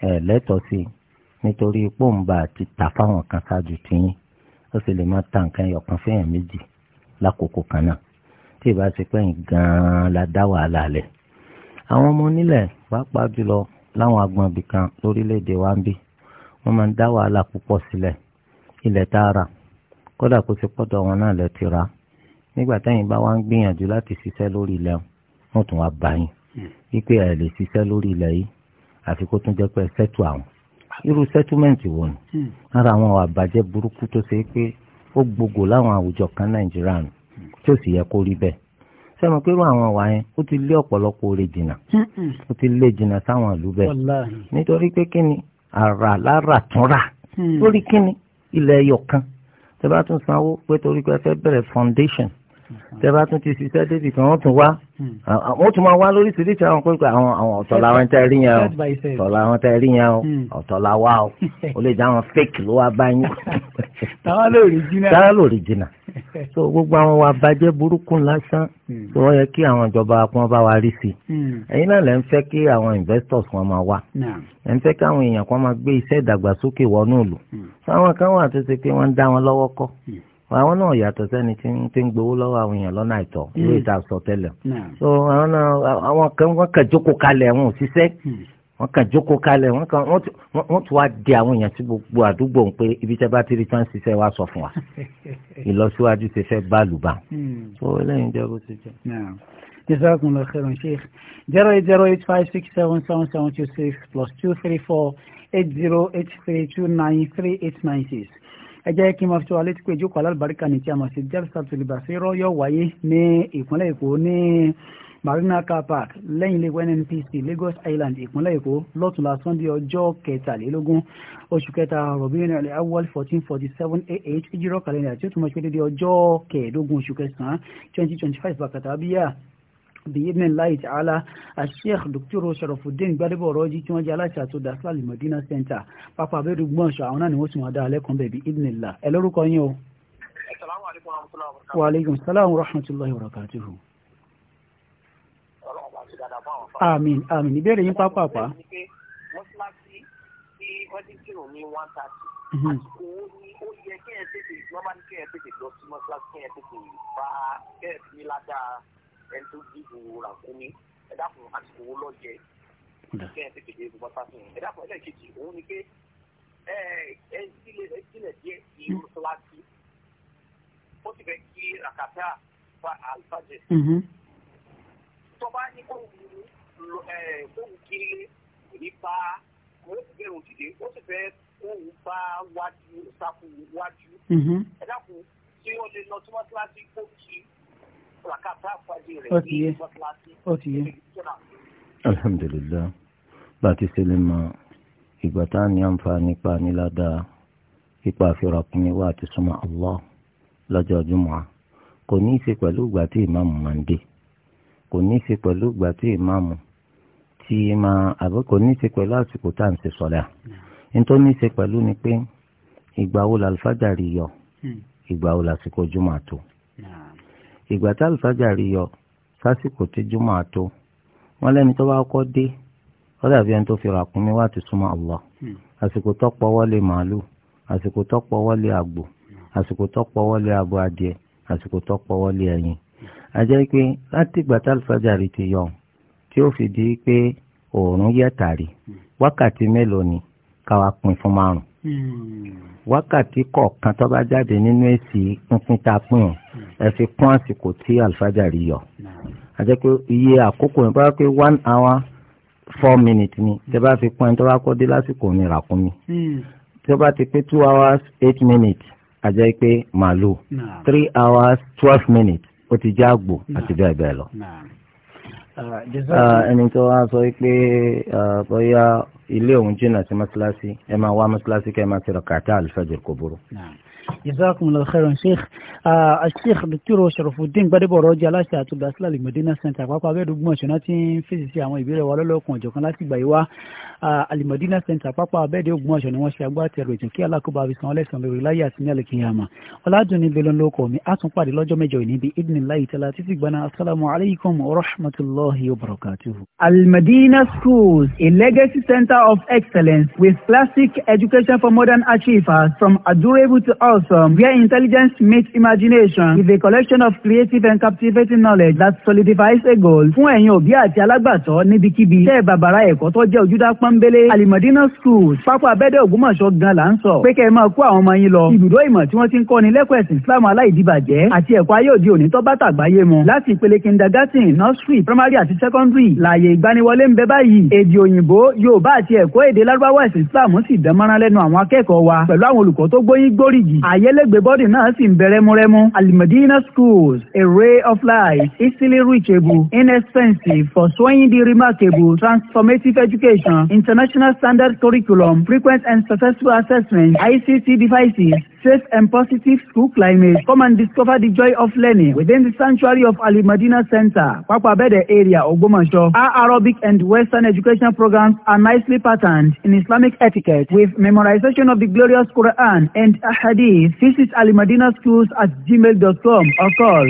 ẹ̀ lẹ́tọ̀ọ́ sí i nítorí pòǹba ti tà fáwọn kan ṣáájú tìyín ó sì lè má ta nǹkan ẹyọ kan fẹ́yàn méjì lákòókò kan náà tí ìbá ti pẹ́yìn gan-an la dá wàhálà lẹ̀. àwọn ọmọ onílẹ̀ pàápàá jùlọ láwọn agbọ̀nbì kan lórílẹ̀‐èdè wa ń bí wọ́n máa ń dá wàhálà púpọ̀ sílẹ̀ ilẹ̀ tá a rà kódà kó ti pọ́dọ̀ wọn náà lẹ́ ti rà nígbà táyìn bá wá ń gbìyànjú láti ṣiṣẹ́ lórí ilẹ̀ wọn tún wá bá yín wípé ẹ lè ṣiṣẹ́ lórí ilẹ̀ yìí àfi kó tún jẹ́ pé ṣẹ́tù àwọn irú sẹ́túmẹ̀ǹtì wo ni hmm. lára àwọn àbàjẹ́ burúkú tó ṣe pé ó gbogbo láwọn àwùjọ kan nàìjíríà nù tí ó sì yẹ kó rí bẹ́ẹ̀ sẹ́mi pé irú àwọn wà yẹn ó ti lé ọ̀pọ̀lọpọ̀ oore jìnnà ó ti lé jìnnà sáwọn ìlú bẹ́ẹ̀ nítorí pé kíni àrà lára tún rà hmm. lórí kíni ilẹ̀ ẹyọ kan tẹ́ bá tún sanwó pé torí pé ẹ fẹ́ bẹ̀rẹ̀ foundation tẹ́bá tún ti ṣiṣẹ́ débi kan wọ́n tún wá hmm. wọ́n tún máa wá lóríṣiríṣi àwọn pé àwọn àwọn ọ̀tọ̀ làwọn tẹ́ rí yẹn o ọ̀tọ̀ làwọn tẹ́ rí yẹn o hmm. ọ̀tọ̀ la wá o ó lè jẹ́ àwọn fake ló wá bá yín. táwọn lórí jìnnà táwọn lórí jìnnà so gbogbo àwọn wa bàjẹ́ burúkú lásán tó hmm. wọ́n yẹ kí àwọn ìjọba kan bá wa rí sí i ẹ̀yin náà lẹ́ ń fẹ́ kí àwọn investors kan máa wá ẹ̀ ń fẹ́ kí àwọn èèyàn kan máa gbé iṣẹ́ ìdàgbàsókè wọnú ìlú fáwọn kan wà tó ṣe pé wọ́n ń dá wọn lọ́wọ́ kọ́ àwọn náà yàtọ̀ sẹ́ni tí ń gbowó lọ́wọ́ àwọn èèyàn lọ́nà àìtọ́ ló hmm. ìta sọ tẹ́lẹ̀ so àwọn náà àwọn kan wọ́n kàn jókòó kalẹ̀ àwọn òṣìṣẹ́ hmm. wọ́n kàn jókòó kalẹ̀ wọ́n kàn wọ́n tún wá di àwọn èèyàn tí gbogbo àdúgbò ń pé ibi tẹ́ bá ti rí tán ṣiṣẹ́ wá sọ fún wa ìlọsíwájú ti fẹ́ bá lùbá. Hmm. so eléyìí jẹ́ bó ti jẹ́. jazakumullahu khairan sheikh zero eight zero eight five six seven seven seven two six plus two three four eight zero eight three two nine three eight nine six ẹ jẹ́ kí n máa fi wá létí pé ìjókòó alálùbáríkà ní tí a mọ̀ sí jalsatul basira yóò wáyé ní ìpínlẹ̀ èkó ní marina car park lẹ́yìn ilé nnpc lagos island ìpínlẹ̀ èkó lọ́tùnla sunday ọjọ́ kẹtàlélógún oṣù kẹta rọ̀bìnrin alẹ́ awal fourteen forty seven ah ìjírọ̀ kàlẹ́ndà tí ó tún mọ̀ sí pé dédé ọjọ́ kẹẹ̀ẹ́dógún oṣù kẹsàn-án twenty twenty five bàkàtà bíyà bíyìn láì tààlà àṣeyẹ̀kì dókítà sọ̀rọ̀fùdín gbadébọ̀ ọ̀rọ̀ jí tí wọ́n jẹ́ aláṣẹ àti odàsílà lèmọ̀dínà center pápá abẹ́rù gbọ́nsọ̀ àwọn náà ni wọ́n sì wọ́n dá alẹ́kùn bẹ̀bí ìdínlá ẹ lórúkọ yín o. waaleykum salaam rahmatulahi wa barakatuhu. àmín àmín ìbéèrè yín pápápá. mọ́sálásí tí wọ́n ti kírun ní one thirty àsìkò ó yẹ kí ẹ tètè lọ́ba ní kí ẹ tètè lọ sí mọ́sálásí kí ẹ tètè bá kẹ́ẹ̀sì ládàá ẹni tó bí ìwò ràkúnmí ẹ dákun àti owó lọ́jẹ kí ẹ tètè dé ìbúgbọ́ sáfún ẹ dákun ẹlẹ́ẹ̀kejì òun ni pé ẹ ẹ sílẹ̀ díẹ̀ mm. sí mọ́ṣáláṣí ó sì fẹ́ kí ràkàtà fa àlùfáàjẹ. Mm-hmm. tọ́ba ní kó kóhùn kiri ní bá òun ti bẹ̀rù òdìdé ó sì fẹ́ kóhùn bá wájú sáfù wájú mm-hmm. ẹ dákun tí wọ́n lè lọ sí mọ́ṣáláṣí kó kí ó ti yé ó ti yé. alhamdulilayi bá a ti ṣe lè mọ ìgbà tá a ní àǹfààní pa ní ládàá ipa àfihàn ní wa àti súnmọ́ allah lọ́jọ́ jùmọ̀ kò ní í ṣe pẹ̀lú ìgbà tí ìmáàmù máa ń dé kò ní í ṣe pẹ̀lú ìgbà tí ìmáàmù tí máa àbí kò ní í ṣe pẹ̀lú àsìkò tá à ń ṣe sọ̀lá nítorí ní í ṣe pẹ̀lú ni pé ìgbà wo làlùfáàjà rí yọ hmm. ìgbà wo làsìkò jùmọ̀ àtò ìgbà tá àlùfájà rí yọ sásìkò tí júmọ̀ àtó wọn lẹ́ni tó bá kọ́ dé ó dàbí ẹni tó fi ràkúnmí wá ti súnmọ́ Allah hmm. àsìkò tó pọwọ́ lé màálù àsìkò tó pọwọ́ lé àgbò àsìkò tó pọwọ́ lé abo adìẹ àsìkò tó pọwọ́ lé ẹyin. àjẹ́ pé láti ìgbà tá àlùfájà rí ti yọ tí ó fi di pé oòrùn yẹ̀ tàrí hmm. wákàtí mélòó ni káwa pín fún márùn wákàtí kọ̀ọ̀kan tó bá jáde nínú èsì pínpín tá a pín ọ ẹ fi kún àsìkò tí àlùfáàjàrí yọ àti pé iye àkókò yẹn bá pé one hour four minutes ni tẹ bá fi pín ẹ tó bá kọ́ dé lásìkò ní ràkúnmí tó bá ti pé two hours eight minutes àjẹ́ pé màálù three hours twelve minutes ó ti jẹ́ àgbò àti bẹ́ẹ̀ bẹ́ẹ̀ lọ. ẹni tó wá sọ pé bóyá ilé òun jìnnà sí mọ́ṣáláṣí ẹ máa wá mọ́ṣáláṣí kẹ́ ẹ máa ti rọ̀kàtà àlùfáàjì kò burú jazakumullahu khairan sheikh uh, sheikh dr sharafudin gbadebo ọrọ jẹ aláṣẹ àtúndà sílàlì medina center àpapọ̀ abẹ́ẹ̀dógún ọ̀ṣun láti ń fèsì sí àwọn ìbéèrè wa lọ́lọ́kan ọ̀jọ̀kan láti gbà yìí wá uh, alimedina center àpapọ̀ abẹ́ẹ̀dógún ọ̀ṣun ni wọ́n ṣe agbátẹrù ètò kí alákóbá fi san ọlẹ́sàn lórí láyé àti ní àlùkìyàmà ọ̀làdùnní belon lóko mi a tún pàdé lọ́jọ́ mẹ́jọ níbi idin láyé tẹ́lá títí gbaná asalaamu alaykum wa rahmatulahi wa barakatuhu. almadina schools a legacy center of excellence with classic education for modern achievers from adorable to us of um, where intelligence meets imagination with a collection of creative and captivating knowledge that solidifies a goal. fún ẹ̀yin òbí àti alágbàtọ́ níbikíbi tẹ́ ẹ̀ bàbàrà ẹ̀kọ́ tó jẹ́ ojúdá pọ́nbélé alimọ̀dínà schools pápá abẹ́dẹ̀ ògbómọ̀ṣọ́ gan la ń sọ pé kẹ́ ẹ máa kó àwọn ọmọ yín lọ ibùdó ìmọ̀ tí wọ́n ti ń kọ́ni lẹ́kọ̀ọ́ ẹ̀sìn islam aláìdíbàjẹ́ àti ẹ̀kọ́ ayé òde òní tó bá tàgbáyé mu láti ìpele kindergarten nursery primary àti secondary láàyè ìgbaniwọlé ń bẹ báyìí èdè òyìnbó yorùbá àti ẹ̀kọ́ èdè lárúbáwá ẹ̀sìn islam sì dánmọ́rán lẹ́nu àwọn akẹ́kọ̀ọ́ wa pẹ̀lú àwọn olùkọ́ tó gbóyín gbóríyì ayélégbé bọ́dì náà sì ń bẹ rẹ́múrẹ́mú. alimadina schools a ray of light easily reachable inexpensive for swaying the remarkable transformative education international standard curriculum frequent and successful assessment ICT devices safe and positive school climate. Come and discover the joy of learning within the sanctuary of Ali Madina Center, Papabede area, Ogbomoso. Our Arabic and Western education programs are nicely patterned in Islamic etiquette with memorization of the glorious Quran and Ahadith. Visit Ali Madina schools at gmail.com or call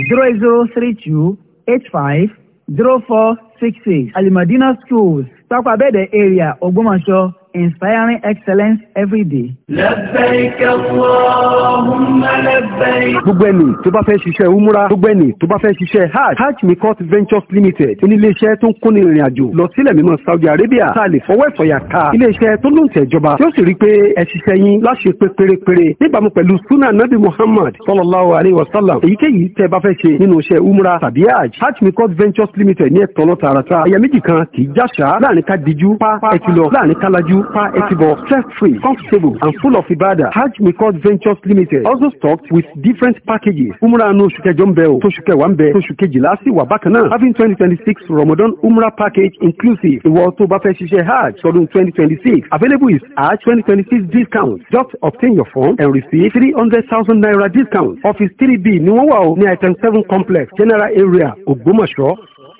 0032 85 0466. Ali Madina schools, Papabede area, Ogbomoso inspiring excellence every day. Labbaik Allahumma labbaik. Gbogbo ẹni tó bá fẹ́ ṣiṣẹ́ Umura, gbogbo ẹni tó bá fẹ́ ṣiṣẹ́ Hajj, Hajj Mikot Ventures Limited, oníléeṣẹ́ tó ń kóni ìrìn àjò lọ sílẹ̀ mímọ́ Saudi Arabia, tá a lè fọwọ́ ẹ̀fọ̀yà ká, iléeṣẹ́ tó ló ń tẹ̀jọba, tí ó sì rí i pé ẹ ṣiṣẹ́ yín láṣẹ pé pérépéré níbàámu pẹ̀lú Sunnah Nabi Muhammad sallallahu alayhi wa sallam. Èyíkéyìí tẹ́ bá fẹ́ ṣe nínú iṣẹ́ Umura tàbí Hajj, Hajj Mikot Ventures Limited ní ẹ̀tọ́ lọ tààràtà. Àyà méjì kan kì í jáṣá láàrin ká dijú, pa ẹ̀kìlọ̀ láàrin ká lajú Tampa Equibor, stress-free, comfortable, and full of Ibadah. Hajj Mikot Ventures Limited also stocked with different packages. Umrah no oṣù kẹjọ ń bẹ o, tóṣù kẹwàá ń bẹ, tóṣù kejìlá sì wà Having 2026 Ramadan Umrah package inclusive. It was bá fẹ́ ṣiṣẹ́ Hajj sọdún twenty Available is Hajj 2026 twenty discount. Just obtain your form and receive three hundred thousand naira discount. Office 3 B ni wọ́n wà complex general area Ògbómọ̀ṣọ́.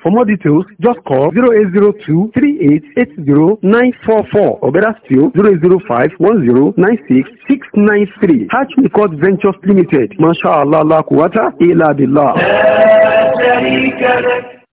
For more details, just call 0802 3880944 or better still 0805 1096693. Hatch Record Ventures Limited. MashaAllah, la quwata illa billah.